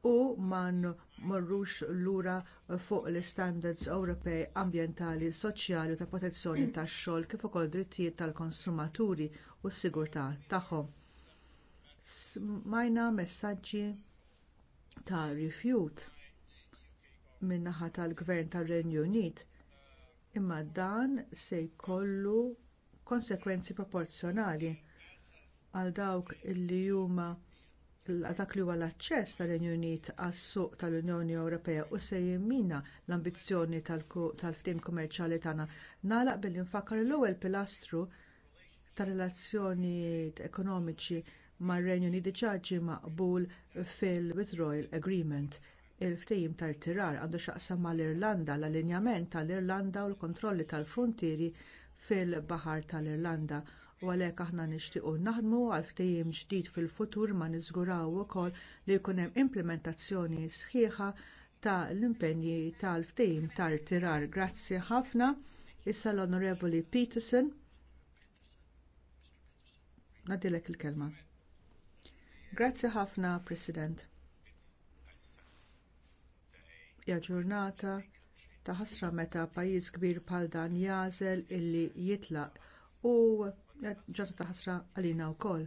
u ma marrux lura fuq l istandards Ewropej ambjentali, soċjali u ta' protezzjoni tax-xogħol kif ukoll drittijiet tal-konsumaturi u s-sigurtà tagħhom. Smajna messaġġi ta' rifjut min-naħa tal-Gvern tar renju Unit, imma dan se jkollu konsegwenzi proporzjonali għal dawk li huma dak li huwa l-aċċess tar-Renju Unit għas-suq tal-Unjoni Ewropea u se jimmina l-ambizzjoni tal-ftim kummerċjali tagħna. Nagħlaq billi nfakkar l-ewwel pilastru tar relazzjonijiet ekonomiċi mar-Renju Unit diġà ġie maqbul fil-Withdrawal Agreement il-ftehim tar-tirar għandu x'jaqsam mal-Irlanda l-allinjament tal-Irlanda u l-kontrolli tal-frontieri fil-Baħar tal-Irlanda. tal frontieri fil tal frontieri fil baħar tal irlanda u għalhekk aħna nixtiequ naħdmu għal ftehim ġdid fil-futur ma niżguraw ukoll li jkun hemm implementazzjoni sħiħa ta' l-impenji tal-ftehim tal tirar Grazzi ħafna. Issa l-Onorevoli Peterson. Nadilek il-kelma. Grazzi ħafna, President. Ja ġurnata ta' ħasra meta pajjiż kbir bħal dan jażel illi jitlaq u ġata ta' ħasra għalina wkoll.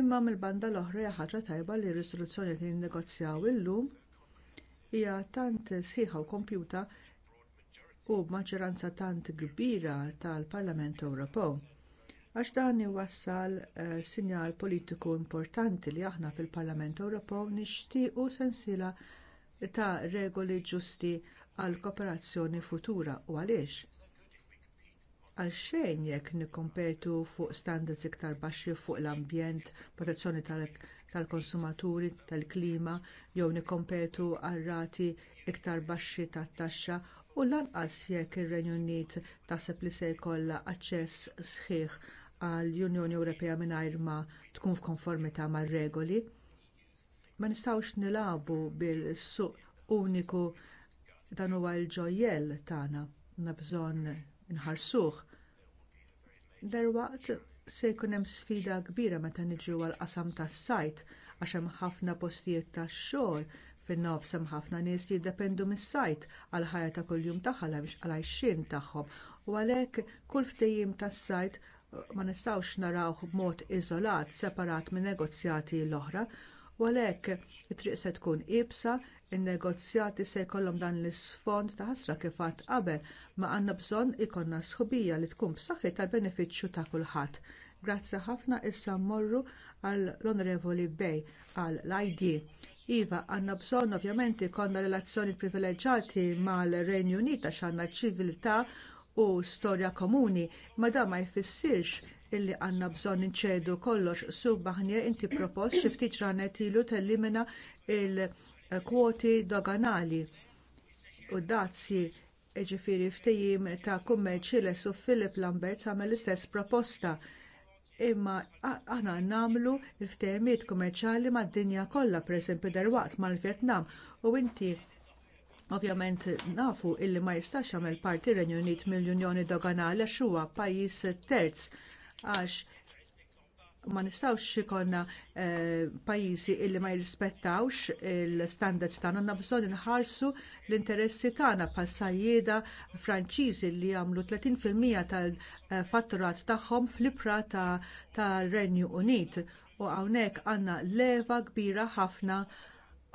Imma mill-banda l-oħra hija ħaġa tajba li r-risoluzzjoni li nnegozjaw illum hija tant sħiħa u kompjuta u maġġoranza tant kbira tal-Parlament Ewropew għax dan iwassal eh, sinjal politiku importanti li aħna fil-Parlament Ewropew nixtiequ sensila ta' regoli ġusti għal kooperazzjoni futura u għaliex għalxejn jekk nikkompetu fuq standards iktar baxxi fuq l-ambjent, protezzjoni tal-konsumaturi, tal konsumaturi tal klima jew nikkompetu għal rati iktar baxxi tat-taxxa u lanqas jekk ir-Renju Unit taħseb li se jkollha aċċess sħiħ għall unjoni Ewropea mingħajr ma tkun f'konformità mar-regoli. Ma nistgħux nilagħbu bil-suq uniku dan huwa l-ġojjel tagħna na bżonn nħarsuh Derwaqt se jkun hemm sfida kbira meta niġu għall qasam tas-sajt għax hemm ħafna postijiet tax-xogħol fin-nofs hemm ħafna nies li jiddependu mis-sajt għal ħajja ta' kuljum tagħha għal għajxin tagħhom. U għalhekk kull ftehim tas-sajt ma nistgħux narawh b'mod iżolat separat minn negozjati l-oħra U għalhekk it-triq se tkun ibsa, in-negozjati se jkollhom dan l-isfond ta' ħasra kif qatt qabel, ma għandna bżonn ikollna sħubija li tkun b'saħħi tal-benefiċċju ta' kulħadd. Grazzi ħafna issa mmorru għall onorevoli Bej għal l-ID. Iva, għandna bżonn ovvjament ikollna relazzjoni privileġġjati mal-Renju Unita x'għandna ċiviltà u storja komuni, ma dan ma jfissirx illi għandna bżonn inċedu kollox su inti propost xi ftit ġranet ilu tellimina il-kwoti doganali u dazzi ġifiri ftejim ta' kummerċi su Philip Lambert sa' l-istess proposta imma aħna nagħmlu l-ftehimiet kummerċjali mad-dinja kollha preżempju derwaqt mal-Vjetnam u inti Ovvjament nafu illi ma jistax jagħmel parti Renju Unit mill-Unjoni Doganali għax huwa pajjiż terz għax ma nistawx ikonna eh, pajjiżi illi ma jirrispettawx il-standards tagħna għandna bżonn inħarsu l-interessi tagħna bħal sajjieda Franċiżi li jagħmlu 30% tal-fatturat tagħhom fl-ibra tar-Renju Unit u hawnhekk għandna leva kbira ħafna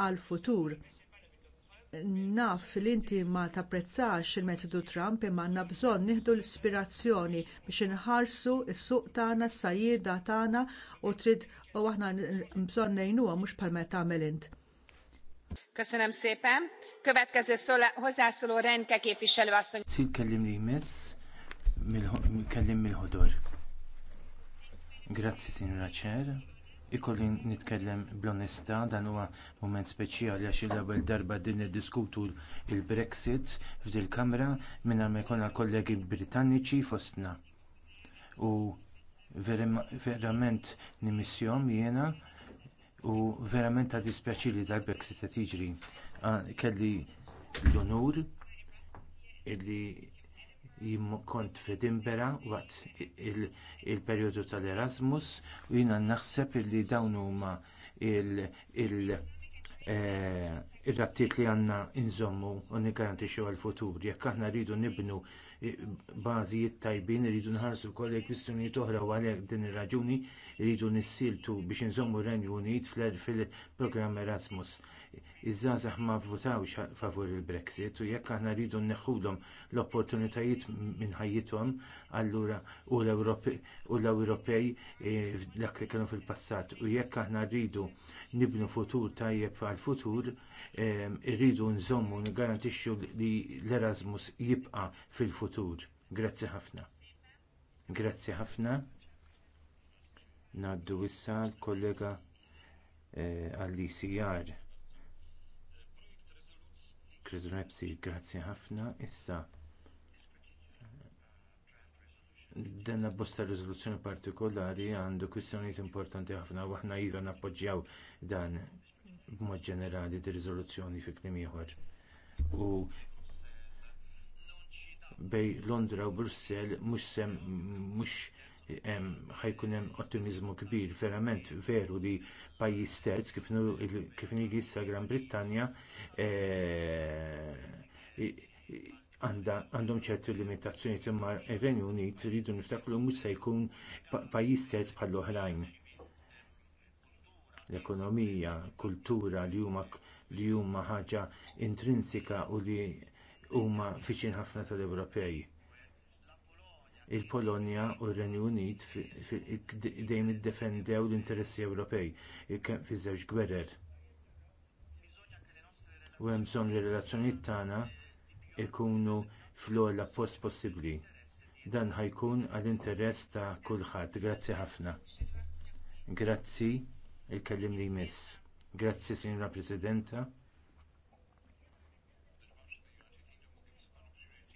għall futur naf li inti ma tapprezzax il-metodu Trump imma għandna bżonn nieħdu l-ispirazzjoni biex inħarsu s-suq tagħna, s-sajjieda tagħna u trid u aħna bżonn ngħinuha mhux bħal meta tagħmel int. Köszönöm szépen. Következő szóla, hozzászóló Renke képviselő asszony. Szint kellim li jmess, kellim mil-ħodur. Grazzi, Signora Cher ikolli nitkellem bl-onestà dan huwa mument speċjali għax il-ewwel darba din niddiskutu il-Brexit f'dil kamra mingħajr ma jkollna kollegi Britanniċi fostna. U verament nimissjom jiena u verament ta' dispjaċili tal-Brexit qed jiġri. Ah, kelli l-onur illi jim kont f'Edimbera waqt il-perjodu tal-Erasmus u jina naħseb li dawn huma il-, il, eh, ir-rabtiet li għandna inżommu u nigarantixxu għal-futur. Jekk aħna rridu nibnu eh, bażijiet tajbin, rridu nħarsu wkoll kwistjonijiet oħra u għalhekk din ir-raġuni rridu nissiltu biex inżommu r-Renju Unit fil-programm Erasmus. Iż-żgħażagħ ma vvutawx favur il-Brexit u jekk aħna rridu nneħħulhom l-opportunitajiet minn ħajjithom allura u l-Ewropej eh, dak li kienu fil-passat u jekk aħna rridu nibnu futur tajjeb għal-futur irridu nżommu nigarantixxu li l-Erasmus jibqa' fil-futur. Grazzi ħafna. Grazzi ħafna. Naddu issa l-kollega eh, għall-ICR. Krizunepsi, grazzi ħafna. Issa, dan bosta riżoluzzjoni partikolari għandu kwistjonijiet importanti ħafna u aħna iva nappoġġjaw dan b'mod ġenerali di riżoluzzjoni fi kliem ieħor. U bej Londra u Brussell mhux sem mhux ħajkun hemm ottimiżmu kbir, verament veru li pajjiż terz kif nili issa Gran Brittanja eh, għandhom ċertu limitazzjoni imma ir-Renju Unit iridu niftakru mhux se jkun pajjiż terz bħall oħrajn l-ekonomija, kultura li huma li huma ħaġa intrinsika u li huma fiċin ħafna tal-Ewropej. Il-Polonja u r-Renju Unit dejjem iddefendew l-interessi Ewropej fi żewġ gwerer. U hemm bżonn li relazzjonijiet tagħna ikunu fl-ogħla post possibbli. Dan ħajkun għall-interess ta' kulħadd. Grazzi ħafna. Grazzi il-kellim li jmiss. Grazzi, Signora Presidenta.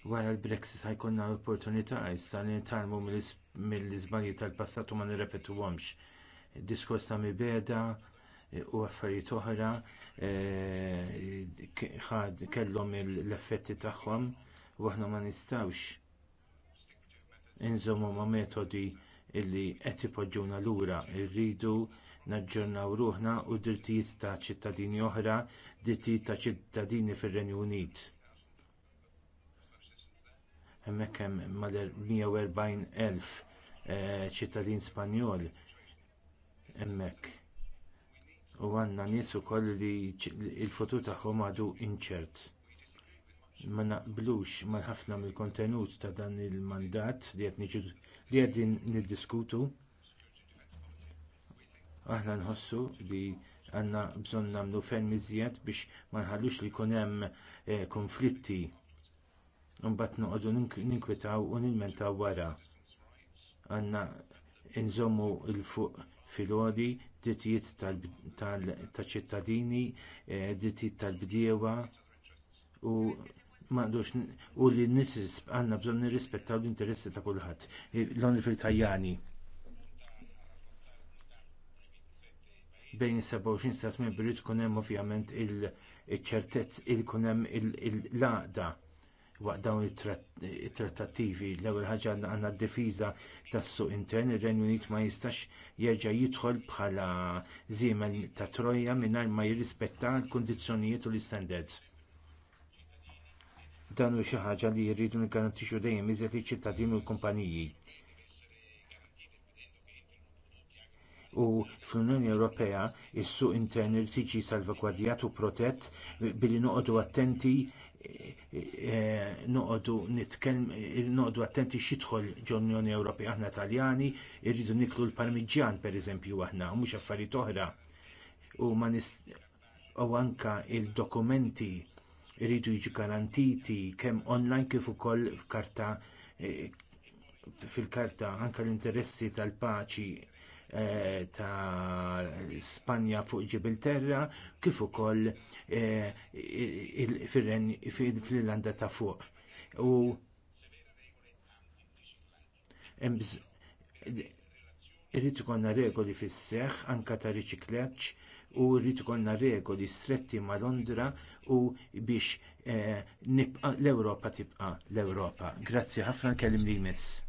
Wara l-Brexit ħajkonna l-opportunità issa li nitalmu mill-iżbalji tal-passat u ma nirrepetuhomx. Diskors ta' mibeda eh, u affarijiet oħra eh, kellhom l-effetti tagħhom u aħna ma nistgħux inżommu ma' metodi illi qed ipoġġuna lura rridu naġġornaw ruħna u drittijiet ta' ċittadini oħra, drittijiet ta' ċittadini fir-Renju Unit. Hemmhekk hemm mal-140,000 eh, ċittadin Spanjol hemmhekk. U għandna nies ukoll li l futur tagħhom għadu inċert. Ma naqblux mal ħafna mill-kontenut ta' dan il-mandat li qed niddiskutu aħna nħossu li għandna bżonn nagħmlu ferm miżjed biex ma nħallux li jkun hemm eh, konflitti mbagħad noqogħdu ninkwitaw u nilmentaw wara. għanna nżommu l fuq filgħodi, ditjiet tal-ċittadini, eh, drittijiet tal-bdiewa u maqdux u li nitrisp għandna bżonn nirrispettaw l-interessi ta' kulħadd. L-onri fil-Tajjani. bejn 27 stat membri tkun hemm ovvjament il ċertezz il kun hemm il-laqda waqt dawn it-trattattivi. L-ewwel ħaġa għandna d-difiża tas-suq intern, ir-Renju Unit ma jistax jerġa' jidħol bħala żiemel ta' trojja mingħajr ma jirrispetta l-kundizzjonijiet u l-istandards dan hu xi ħaġa li jridu niggarantixxu dejjem iżjed iċ ċittadini u l-kumpaniji. u fl-Unjoni Ewropea is-suq intern irid tiġi salvagwardjat u protett billi noqogħdu attenti eh, eh, noqogħdu nitkellem noqogħdu attenti x'idħol ġol-Unjoni Ewropea aħna Taljani irridu niklu l-Parmiġġan pereżempju aħna u mhux affarijiet oħra. U ma u anka il-dokumenti irridu jiġu garantiti kemm online kif ukoll f'karta eh, fil-karta anke l-interessi tal-paċi Eh, ta' Spanja fuq Ġibilterra kif ukoll eh, fil-Irlanda ta' fuq. U ikollna regoli fis-seħħ anke ta' riċiklaġġ u rrid ikollna regoli stretti ma' Londra u biex eh, l-Ewropa tibqa' l-Ewropa. Grazzi ħafna kellim li jmiss.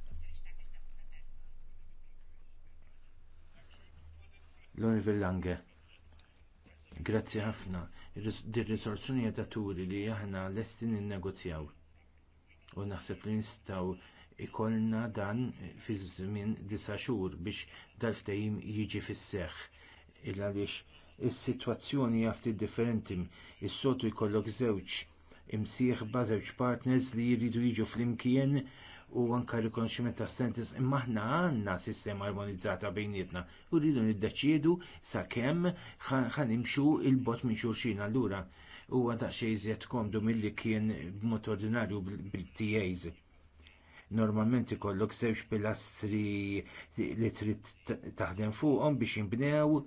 l Villange, Lange. Grazzi ħafna. dir risorsuni turi li aħna lesti ninnegozjaw. U naħseb li nistgħu ikollna dan fi żmien disa' xhur biex dal ftajim jiġi fisseħ. Illa għaliex is-sitwazzjoni jafti ftit differenti. Is-sotu jkollok żewġ ba' żewġ partners li jridu jiġu flimkien u anke rikonoxximent ta' sentis imma aħna għandna sistema armonizzata bejnietna u rridu niddeċiedu sakemm ħanimxu il-bot minn xulxin allura huwa għadda xejżiet komdu milli kien b'mod ordinarju bil-TAs normalment ikollok żewġ pilastri li trid taħdem fuqhom biex jinbnew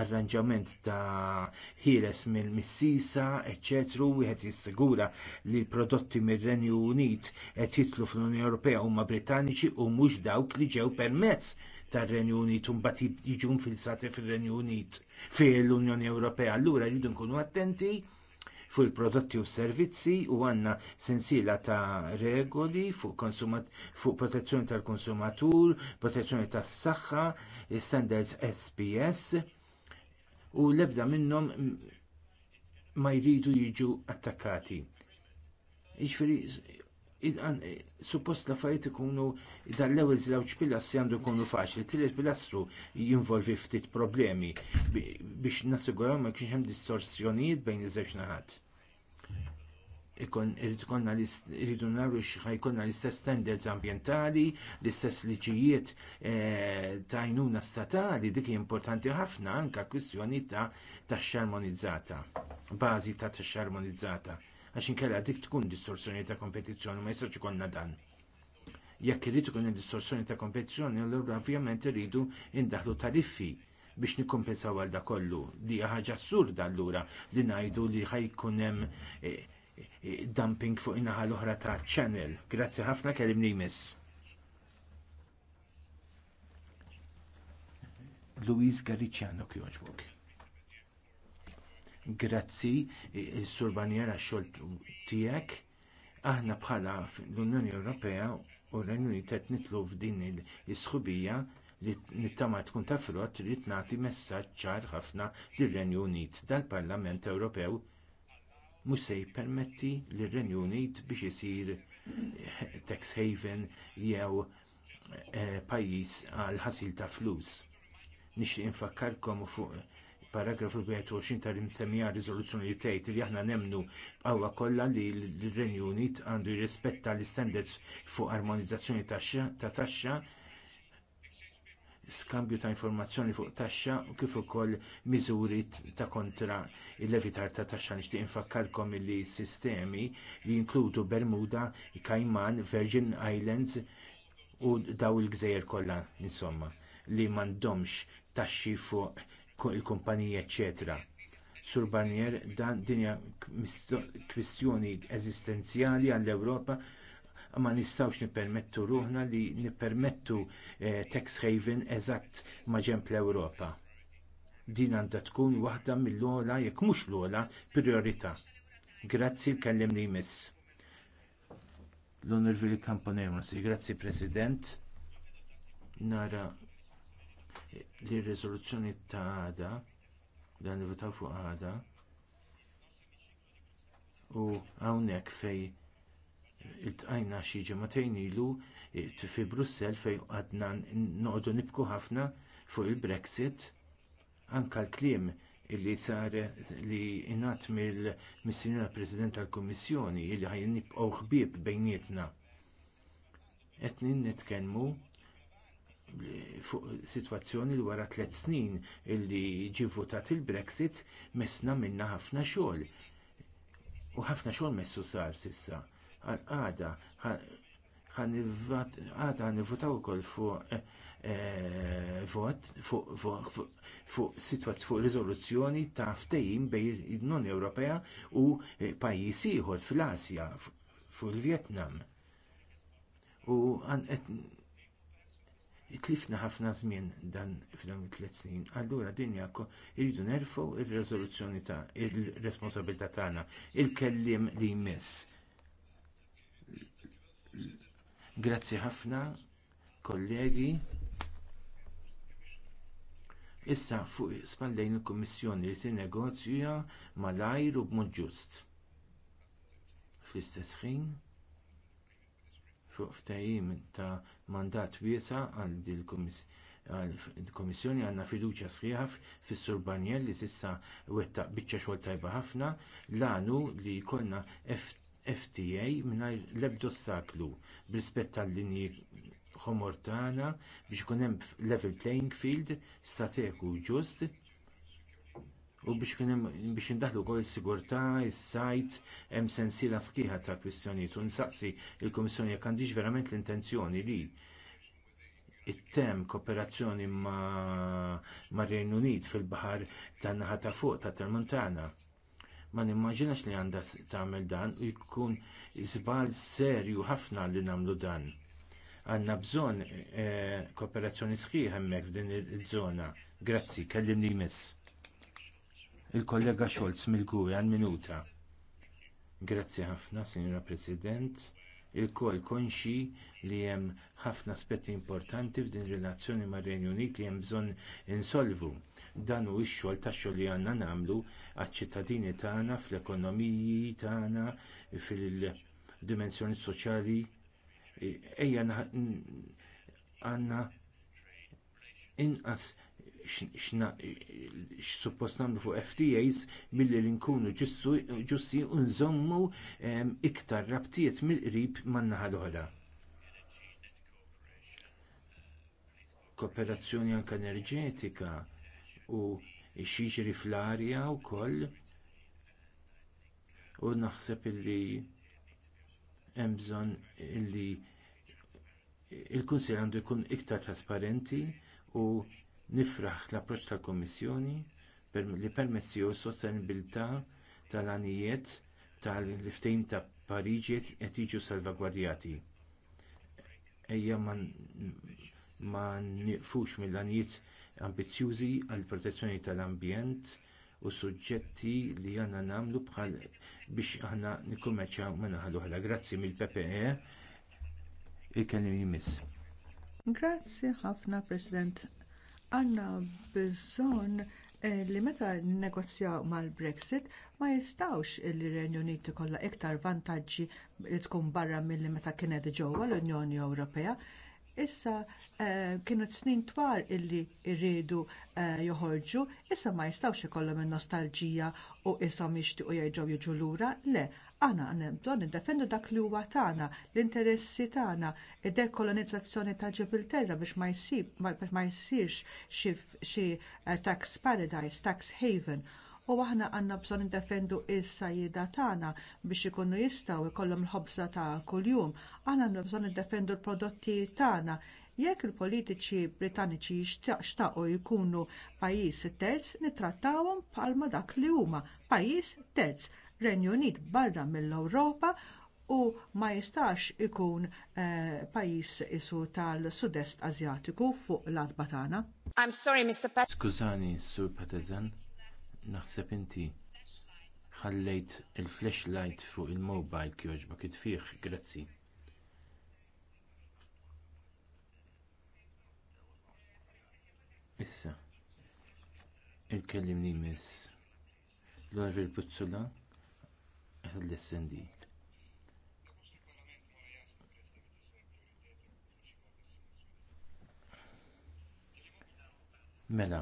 arranġament ta' ħieles mill-missisa, eċetru, wieħed jissigura li prodotti mir-Renju Unit qed jitlu fl-Unjoni Ewropea huma Britanniċi u mhux dawk li ġew permezz tar-Renju Unit u mbagħad fil-sati fir-Renju Unit fil-Unjoni Ewropea. Allura jridu nkunu attenti fuq il-prodotti u servizzi u għandna sensiela ta' regoli fuq fu protezzjoni tal-konsumatur, protezzjoni tas-saħħa, standards SPS u l-ebda minnhom ma jridu jiġu attakkati. Iġferi, e, suppost l-affarijiet ikunu dal-ewwel żewġ pilastri għandu jkunu faċli, Tilet pilastru jinvolvi ftit problemi biex nassiguraw ma kienx hemm distorsjonijiet bejn iż-żewġ naħat irridu naru xħajkonna l-istess standards ambjentali, l-istess liġijiet eh, ta' għajnuna statali, dik importanti ħafna anke kwistjoni ta' taxxa xarmonizzata bażi ta' taxxa armonizzata, għax inkella dik tkun distorsjoni ta' kompetizzjoni ma jistax konna dan. Jekk irid kun distorsjoni ta' kompetizzjoni, allura ovvjament irridu indaħlu tariffi biex nikkompensaw għal da kollu. Li ħaġa assurda allura li ngħidu li ħajkunem hemm eh, dumping fuq in-naħa l-oħra ta' channel. Grazzi ħafna kellimni miss. Luis Garriciano kjoġbok. Grazzi, Sur x xol tijek, aħna bħala l-Unjoni Ewropea u l-Unjoni tet nitlu f'din il-sħubija li nittama tkun ta' frott li t messaġġ ċar ħafna l renju Unit dal-Parlament Ewropew mhux se jippermetti lir renju Unit biex isir eh, tax haven jew eh, pajjiż għal ħasil ta' flus. Nixtieq infakkarkom fuq paragrafu 21 tal-imsemmija riżoluzzjoni li tgħid li aħna nemnu qawwa kollha li l-Renju Unit għandu jirrispetta l-istandards fuq armonizzazzjoni ta' taxxa skambju ta' informazzjoni fuq taxxa u kif ukoll miżuri ta' kontra il-levitar ta' taxxa nixtieq infakkarkom li sistemi li jinkludu Bermuda, Cayman, Virgin Islands u daw il-gżejjer kollha insomma li m'għandhomx taxxi fuq il-kumpaniji eċċetera. Sur Barnier dan dinja kwistjoni eżistenzjali għall-Ewropa ma nistawx nippermettu ruħna li nippermettu eh, tax haven eżatt ma ġemp l-Ewropa. Din għandha tkun waħda mill-ola jekk mhux l-ola priorità. Grazzi l-kellimni miss. L-Onorvili Camponemos, grazzi President. Nara li r-riżoluzzjoni ta' għada, dan votaw fuq għada, u hawnhekk fej iltqajna xi ġimagħtejn ilu eh, fi Brussell fejn għadna noqogħdu nibku ħafna fuq il-Brexit anke l-kliem illi sar li ingħat mill-Sinjora President tal-Kummissjoni illi ħajn nibqgħu ħbieb bejnietna. Qed nitkellmu eh, fuq sitwazzjoni li wara tliet snin illi ġie votat il-Brexit mesna minna ħafna xogħol. U ħafna xogħol messu sar sissa għada għada votaw ukoll fuq eh, eh, vot fuq situazzjoni fuq rizoluzzjoni ta' ftehim bejn l-Unjoni Ewropea u eh, pajjiż ieħor fl-Asja fuq il-Vjetnam. U tlifna ħafna żmien dan f'dawn it-tliet snin. Allura din jako irridu nerfgħu ir-riżoluzzjoni ta' ir-responsabilità tagħna, il-kelliem li jmiss Grazzi ħafna, kollegi. Issa fuq spallejn il kummissjoni li tinnegozja mal-ajr u b'mod ġust. Fl-istess ħin, fuq ftajim ta' mandat wiesa għal dil kommissjoni il komissjoni għandna fiduċja sħiħa fis-Sur Barnier li sissa wettaq biċċa xogħol tajba ħafna l-għanu li jkollna FTA mingħajr l-ebda ostaklu b'rispett tal-linji ħomor tagħna biex ikun hemm level playing field strateku ġust u biex indaħħlu biex indaħlu kol sigurtà is-sajt, hemm sensiela sħiħa ta' kwistjonijiet u nsaqsi l komissjoni jekk għandix verament l-intenzjoni li it-tem kooperazzjoni ma' Marjen Unit fil-bahar tan-naħa ta' fuq ta' Tramuntana. Ma nimmaġinax li għandha tagħmel dan u jkun żbal serju ħafna li nagħmlu dan. Għandna bżonn e, kooperazzjoni sħiħ hemmhekk f'din iż-żona. Grazzi, kellimni jmiss. Il-kollega Scholz mill-Gwi għal minuta. Grazzi ħafna, Sinjora President Il-koll konxi li hemm ħafna aspetti importanti f'din relazzjoni mar renju Unit li hemm bżonn insolvu. Dan hu x-xogħol tax-xogħol li għandna nagħmlu għaċ-ċittadini tagħna fl-ekonomiji tagħna fil-dimensjoni soċjali ejja għandna inqas x-suppost fuq FTAs milli li nkunu ġusti u nżommu iktar rabtiet mill-qrib man-naħa l-oħra. Kooperazzjoni anke enerġetika u xiġri fl-arja wkoll u naħseb illi hemm bżonn illi il-Kunsill għandu jkun iktar trasparenti u Nifraħ l-approċċ tal-Kommissjoni li permessiju s-sostenibilità tal-għanijiet tal-liftejn ta' Pariġi qed jiġu salvagwardjati. Ejja ma nifux mill-għanijiet ambizzjużi għall protezzjoni tal-ambjent u suġġetti li għandna nagħmlu bħal biex aħna nikkummerċaw minna l-oħra. Grazzi mill-PPE il-kellim jimiss. Grazzi ħafna President għanna bżonn eh, li meta nnegozjaw mal-Brexit ma jistawx li renju Unit kollha iktar vantaġġi li tkun barra milli meta kienet ġewwa l-Unjoni Ewropea. Issa eh, kienu snin twar illi rridu eh, joħorġu, issa ma jistawx ikollhom in nostalġija u ishom jixtiequ jerġgħu jiġu lura, le, Aħna għandhom niddefendu dak li huwa tagħna, l-interessi tagħna, id-dekolonizzazzjoni ta' Ġibilterra biex ma jsib biex ma jsirx xi eh, tax paradise, tax haven. U aħna għandna bżonn niddefendu s sajjida tagħna biex ikunu jistgħu jkollhom l-ħobża ta' kuljum. Aħna għandna bżonn niddefendu l-prodotti tagħna. Jekk il-politiċi Britanniċi xtaqgħu jkunu pajjiż terz, nittrattawhom bħalma dak li huma pajjiż terz Renju Unit barra mill-Ewropa u ma jistax ikun eh, pajis isu tal-sudest Azjatiku fuq l-adba I'm sorry, Mr. Pat. Skużani, Sur Patazan, naħseb inti ħallejt il-flashlight fuq il-mobile ma kit fih, grazzi. Issa, il-kellim nimis l-għarri l-puzzula l-SND. Mela,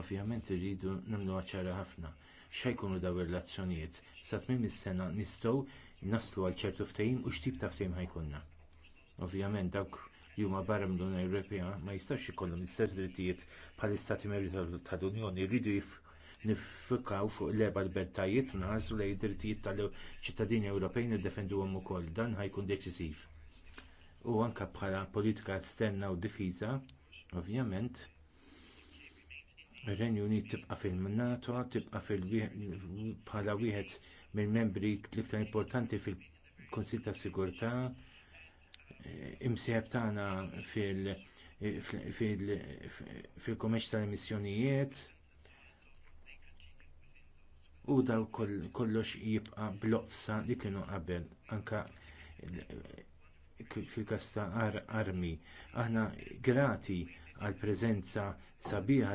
ovvjament irridu nimlu ċara ħafna x'ħajkunu daw ir-relazzjonijiet sa tmiem is-sena nistgħu naslu għal ċertu ftehim u x'tip ta' ftehim ħajkunna. Ovvjament dawk li huma barra mill-Unjoni Ewropea ma jistax ikollhom l-istess drittijiet bħall-Istati Membri tal-Unjoni jridu jif nifukaw fuq l erba libertajiet u naħarsu lejn id-drittijiet tal-ċittadini Ewropej niddefenduhom ukoll. Dan ħajkun deċisiv. U anke bħala politika esterna u difiża, ovvjament, ir-Renju Unit tibqa' fil-NATO, tibqa' bħala wieħed mill-membri l-iktar importanti fil-Kunsil tas Sigurtà, imsieħeb tagħna fil- fil tal-emissjonijiet, u daw kollox jibqa' bloqsa li kienu qabel anke fil kasta armi. Aħna grati għall preżenza sabiħa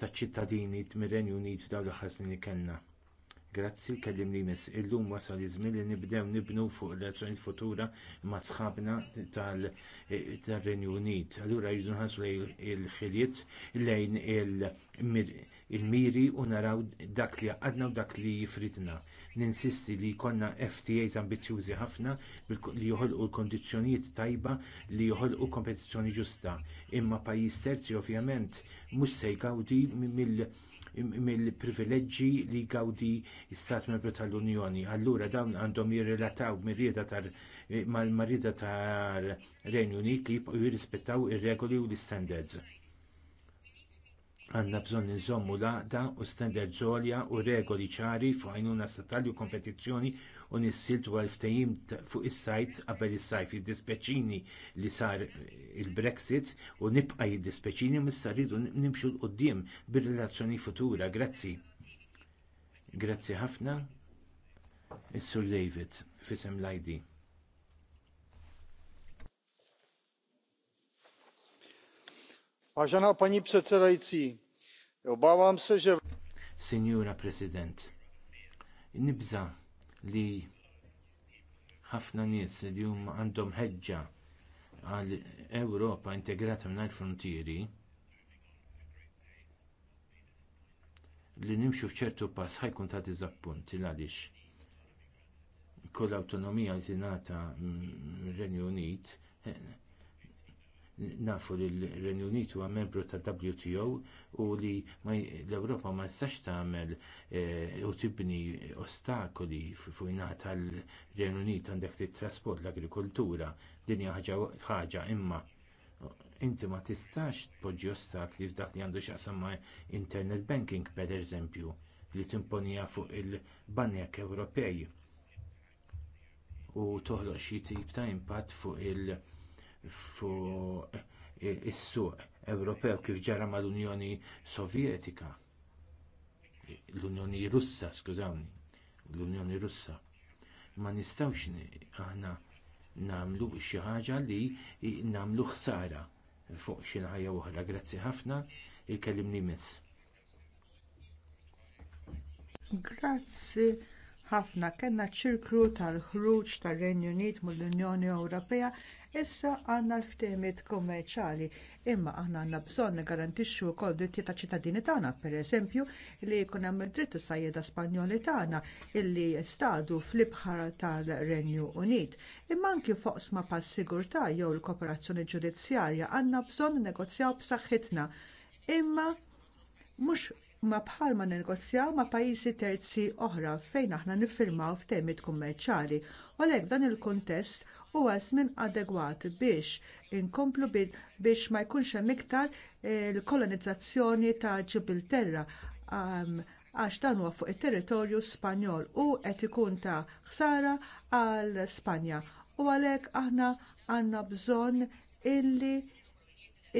tal-ċittadini mir-Renju Unit f'dawk l-aħħar snin li kellna. Grazzi kellim li mis. Illum wasal iż-żmien li nibdew nibnu fuq l-elezzjonijiet futura ma' sħabna tar renju Unit. Allura jridu nħassu il-ħiliet lejn il-mir il-miri u naraw dak li għadna u dak li jifridna. Ninsisti li jkollna FTAs ambitjużi ħafna li joħolqu l kundizzjonijiet tajba li joħolqu kompetizzjoni ġusta. Imma pajjiż terzi ovvjament mhux se jgawdi mill privileġġi li gawdi stat membru tal-Unjoni. Allura dawn għandhom jirrelataw mal marieda tar-Renju Unit li jirrispettaw ir-regoli u l-standards għandna bżonn nżommu laqda u standard żolja u regoli ċari fuq għajnuna statali u kompetizzjoni u nissilt u għal fuq is-sajt qabel is-sajf jiddispeċini li sar il-Brexit u nibqa jiddispeċini missa rridu nimxu l-qoddim bir-relazzjoni futura. Grazzi. Grazzi ħafna. Is-Sur David, fisem l-ID. paní se president nibza li ħafna nies li jum għandhom ħeġġa għal Ewropa integrata mingħajr frontieri li nimxu f'ċertu pass ħajkun ta' diżappunt għaliex kull awtonomija li tingħata mir-Renju Unit eh, nafu li l-Renju Unit huwa membru ta' WTO u li l-Ewropa ma jistax tagħmel eh, u tibni ostakoli fuq in-naħa tal-Renju Unit għandek it-trasport, l-agrikoltura, din hija ħaġa imma inti ma tistax tpoġġi ostakli f'dak li għandu x'aqsam ma' internet banking pereżempju li timponija fuq il-banek Ewropej u toħloq xi tip ta' impatt fuq il- Fu eh, eh, is-suq Ewropew kif ġara mal-Unjoni Sovjetika. L-Unjoni Russa, skużawni, l-Unjoni Russa. Ma nistawx aħna namlu xi ħaġa li namlu ħsara fuq xi ħajja oħra. Grazzi ħafna il-kellimni miss. Grazzi ħafna kellna ċirklu tal-ħruġ tar-Renju Unit mill-Unjoni Ewropea Issa għandna l-ftehmiet kummerċali, imma aħna għandna bżonn garantixxu wkoll dritti ta' ċittadini tagħna, pereżempju li jkun hemm id-dritt sajjeda Spanjoli tagħna illi stadu fl-ibħar tal-Renju Unit. Imma anki ma' pass sigurtà jew l-kooperazzjoni ġudizzjarja għandna bżonn negozjaw b'saħħitna. Imma mhux ma bħal ma negozjaw ma' pajjiżi terzi oħra fejn aħna niffirmaw f'temiet kummerċali. U għalhekk dan il-kuntest huwa żmien adegwat biex inkomplu biex ma jkunx hemm iktar il-kolonizzazzjoni eh, ta' Ġibilterra għax dan huwa fuq it-territorju Spanjol u qed ikun ta' ħsara għal Spanja. U għalhekk aħna għandna bżonn illi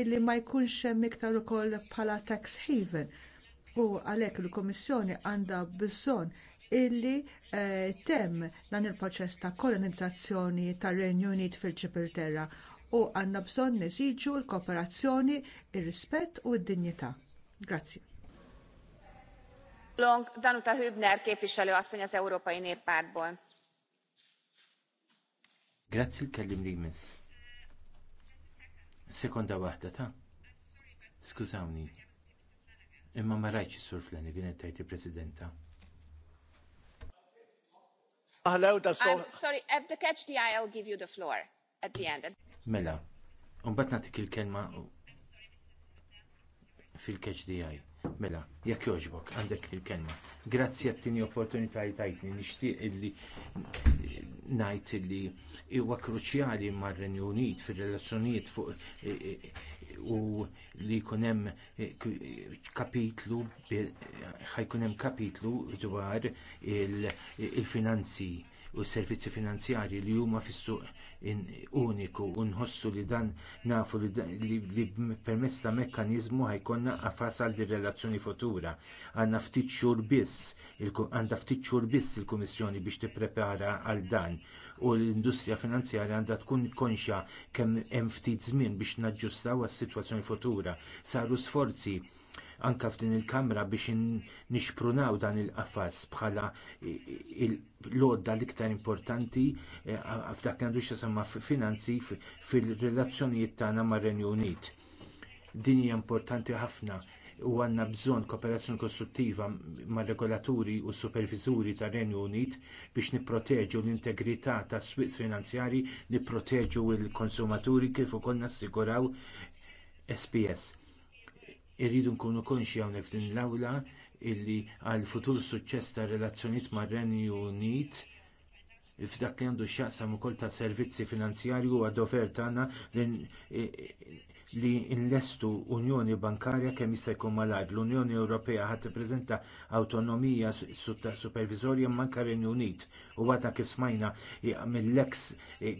illi ma jkunx hemm iktar ukoll bħala tax haven u għalhekk il-Kummissjoni għandha bżonn illi eh, tem dan il-proċess ta' kolonizzazzjoni tar Renju Unit fil-Ġibilterra u għandna bżonn nesiġu l-kooperazzjoni, ir-rispett u d-dinjità. Grazzi. Long Danuta Hübner képviselő asszony az Európai Grazie l kellim li jmiss. Sekonda wahda ta' skużawni, imma ma rajċi sur Flanagan għettajti presidenta. Hello, that's all. Sorry, at the catch the eye, I'll give you the floor at the end. Mela, un bat natik il-kelma fil-KHDI. Mela, jekk jogħġbok, għandek il-kelma. Grazzi għattini opportunitajiet tajtni, nixtieq illi najt illi huwa kruċjali mar-Renju Unit fir-relazzjonijiet fuq e, e, u li jkun hemm e, kapitlu ħajkun hemm kapitlu dwar il-finanzi. il finanzi u s-servizzi finanzjarji li huma fis-suq uniku u nħossu li dan nafu li, li, li permezz ta' mekkaniżmu ħajkonna qafas għal relazzjoni futura. Għandna ftit xhur biss għandha ftit xhur biss il-Kummissjoni biex tipprepara għal dan u l-industrija finanzjarja għandha tkun konxja kemm hemm ftit żmien biex naġġustaw għas-sitwazzjoni futura. Saru sforzi anke f'din il-kamra biex nixprunaw dan il-qafas bħala l-odda l-iktar importanti eh, f'dak li għandu xasamma finanzi fil-relazzjonijiet tagħna mar-Renju Unit. Din hija importanti ħafna u għandna bżonn kooperazzjoni kostruttiva mar regolaturi u superviżuri tar Renju Unit biex nipproteġu l-integrità tas swieqs finanzjarji, nipproteġu l-konsumaturi kif ukoll nassiguraw SPS irridu nkunu konxi hawnhekk f'din l-awla illi għal futur suċċess ta' relazzjonijiet mar-Renju Unit f'dak li għandu x'jaqsam ukoll ta' servizzi finanzjarju għad dover tagħna li nlestu Unjoni Bankarja kemm jista' jkun malajr. L-Unjoni Ewropea ħadd ippreżenta awtonomija supervizorja manka Renju Unit u għadna kif smajna mill-eks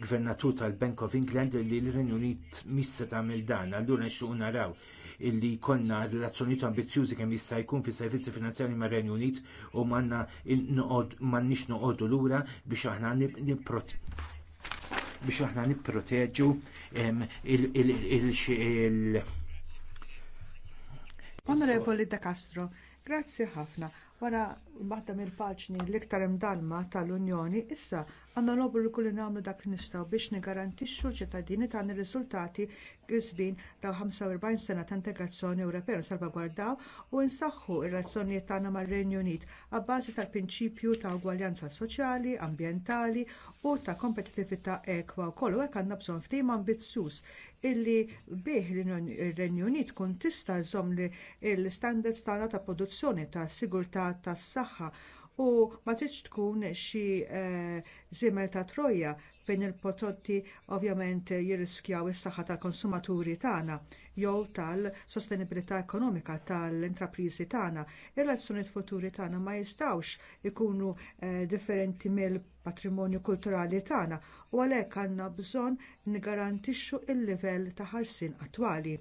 gvernatur tal-Bank of England li l-Renju Unit se tagħmel dan, allura nxuq naraw illi konna relazzjonijiet ambizjużi kemm jista' jkun fis-servizzi finanzjarji mar-Renju Unit u manna m'għandniex noqogħdu lura biex aħna biex aħna nipproteġu il- Onorevoli De Castro, grazzi ħafna. Wara waħda mill-paċni l-iktar imdalma tal-Unjoni issa għandna l li li nagħmlu dak li nistgħu biex nigarantixxu l-ċittadini tagħna riżultati kisbin ta' 45 sena ta' integrazzjoni Ewropea salvagwardaw u nsaħħu r-relazzjonijiet tagħna mar-Renju Unit għabbażi tal-prinċipju ta' ugwaljanza soċjali, ambjentali u ta' kompetitività ekwa wkoll u hekk għandna bżonn ftim ambizzjuż illi bih ir-Renju Unit kun tista' jżomm l-standards tagħna ta' produzzjoni ta' sigurtà tas-saħħa tagħha u ma tridx tkun xi eh, żiemel ta' Troja fejn il-prodotti ovvjament jirriskjaw is-saħħa tal-konsumaturi tagħna jew tal-sostenibilità ekonomika tal-intrapriżi tagħna. Ir-relazzjonijiet futuri tagħna ma jistgħux ikunu eh, differenti mill-patrimonju kulturali tagħna u għalhekk għandna bżonn nigarantixxu l livell ta' ħarsien attwali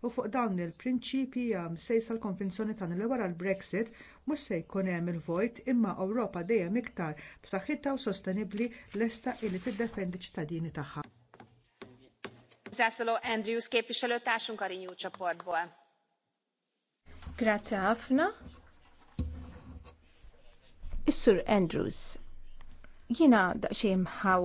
u fuq dawn il-prinċipji hija sejsa l-konvenzjoni tagħna li wara l-Brexit mhux se jkun hemm il-vojt imma Ewropa dejjem iktar b'saħħitha u sostenibbli lesta illi tiddefendi ċittadini tagħha. Andrews a Renew csoportból. Grazie ħafna. Andrews, jina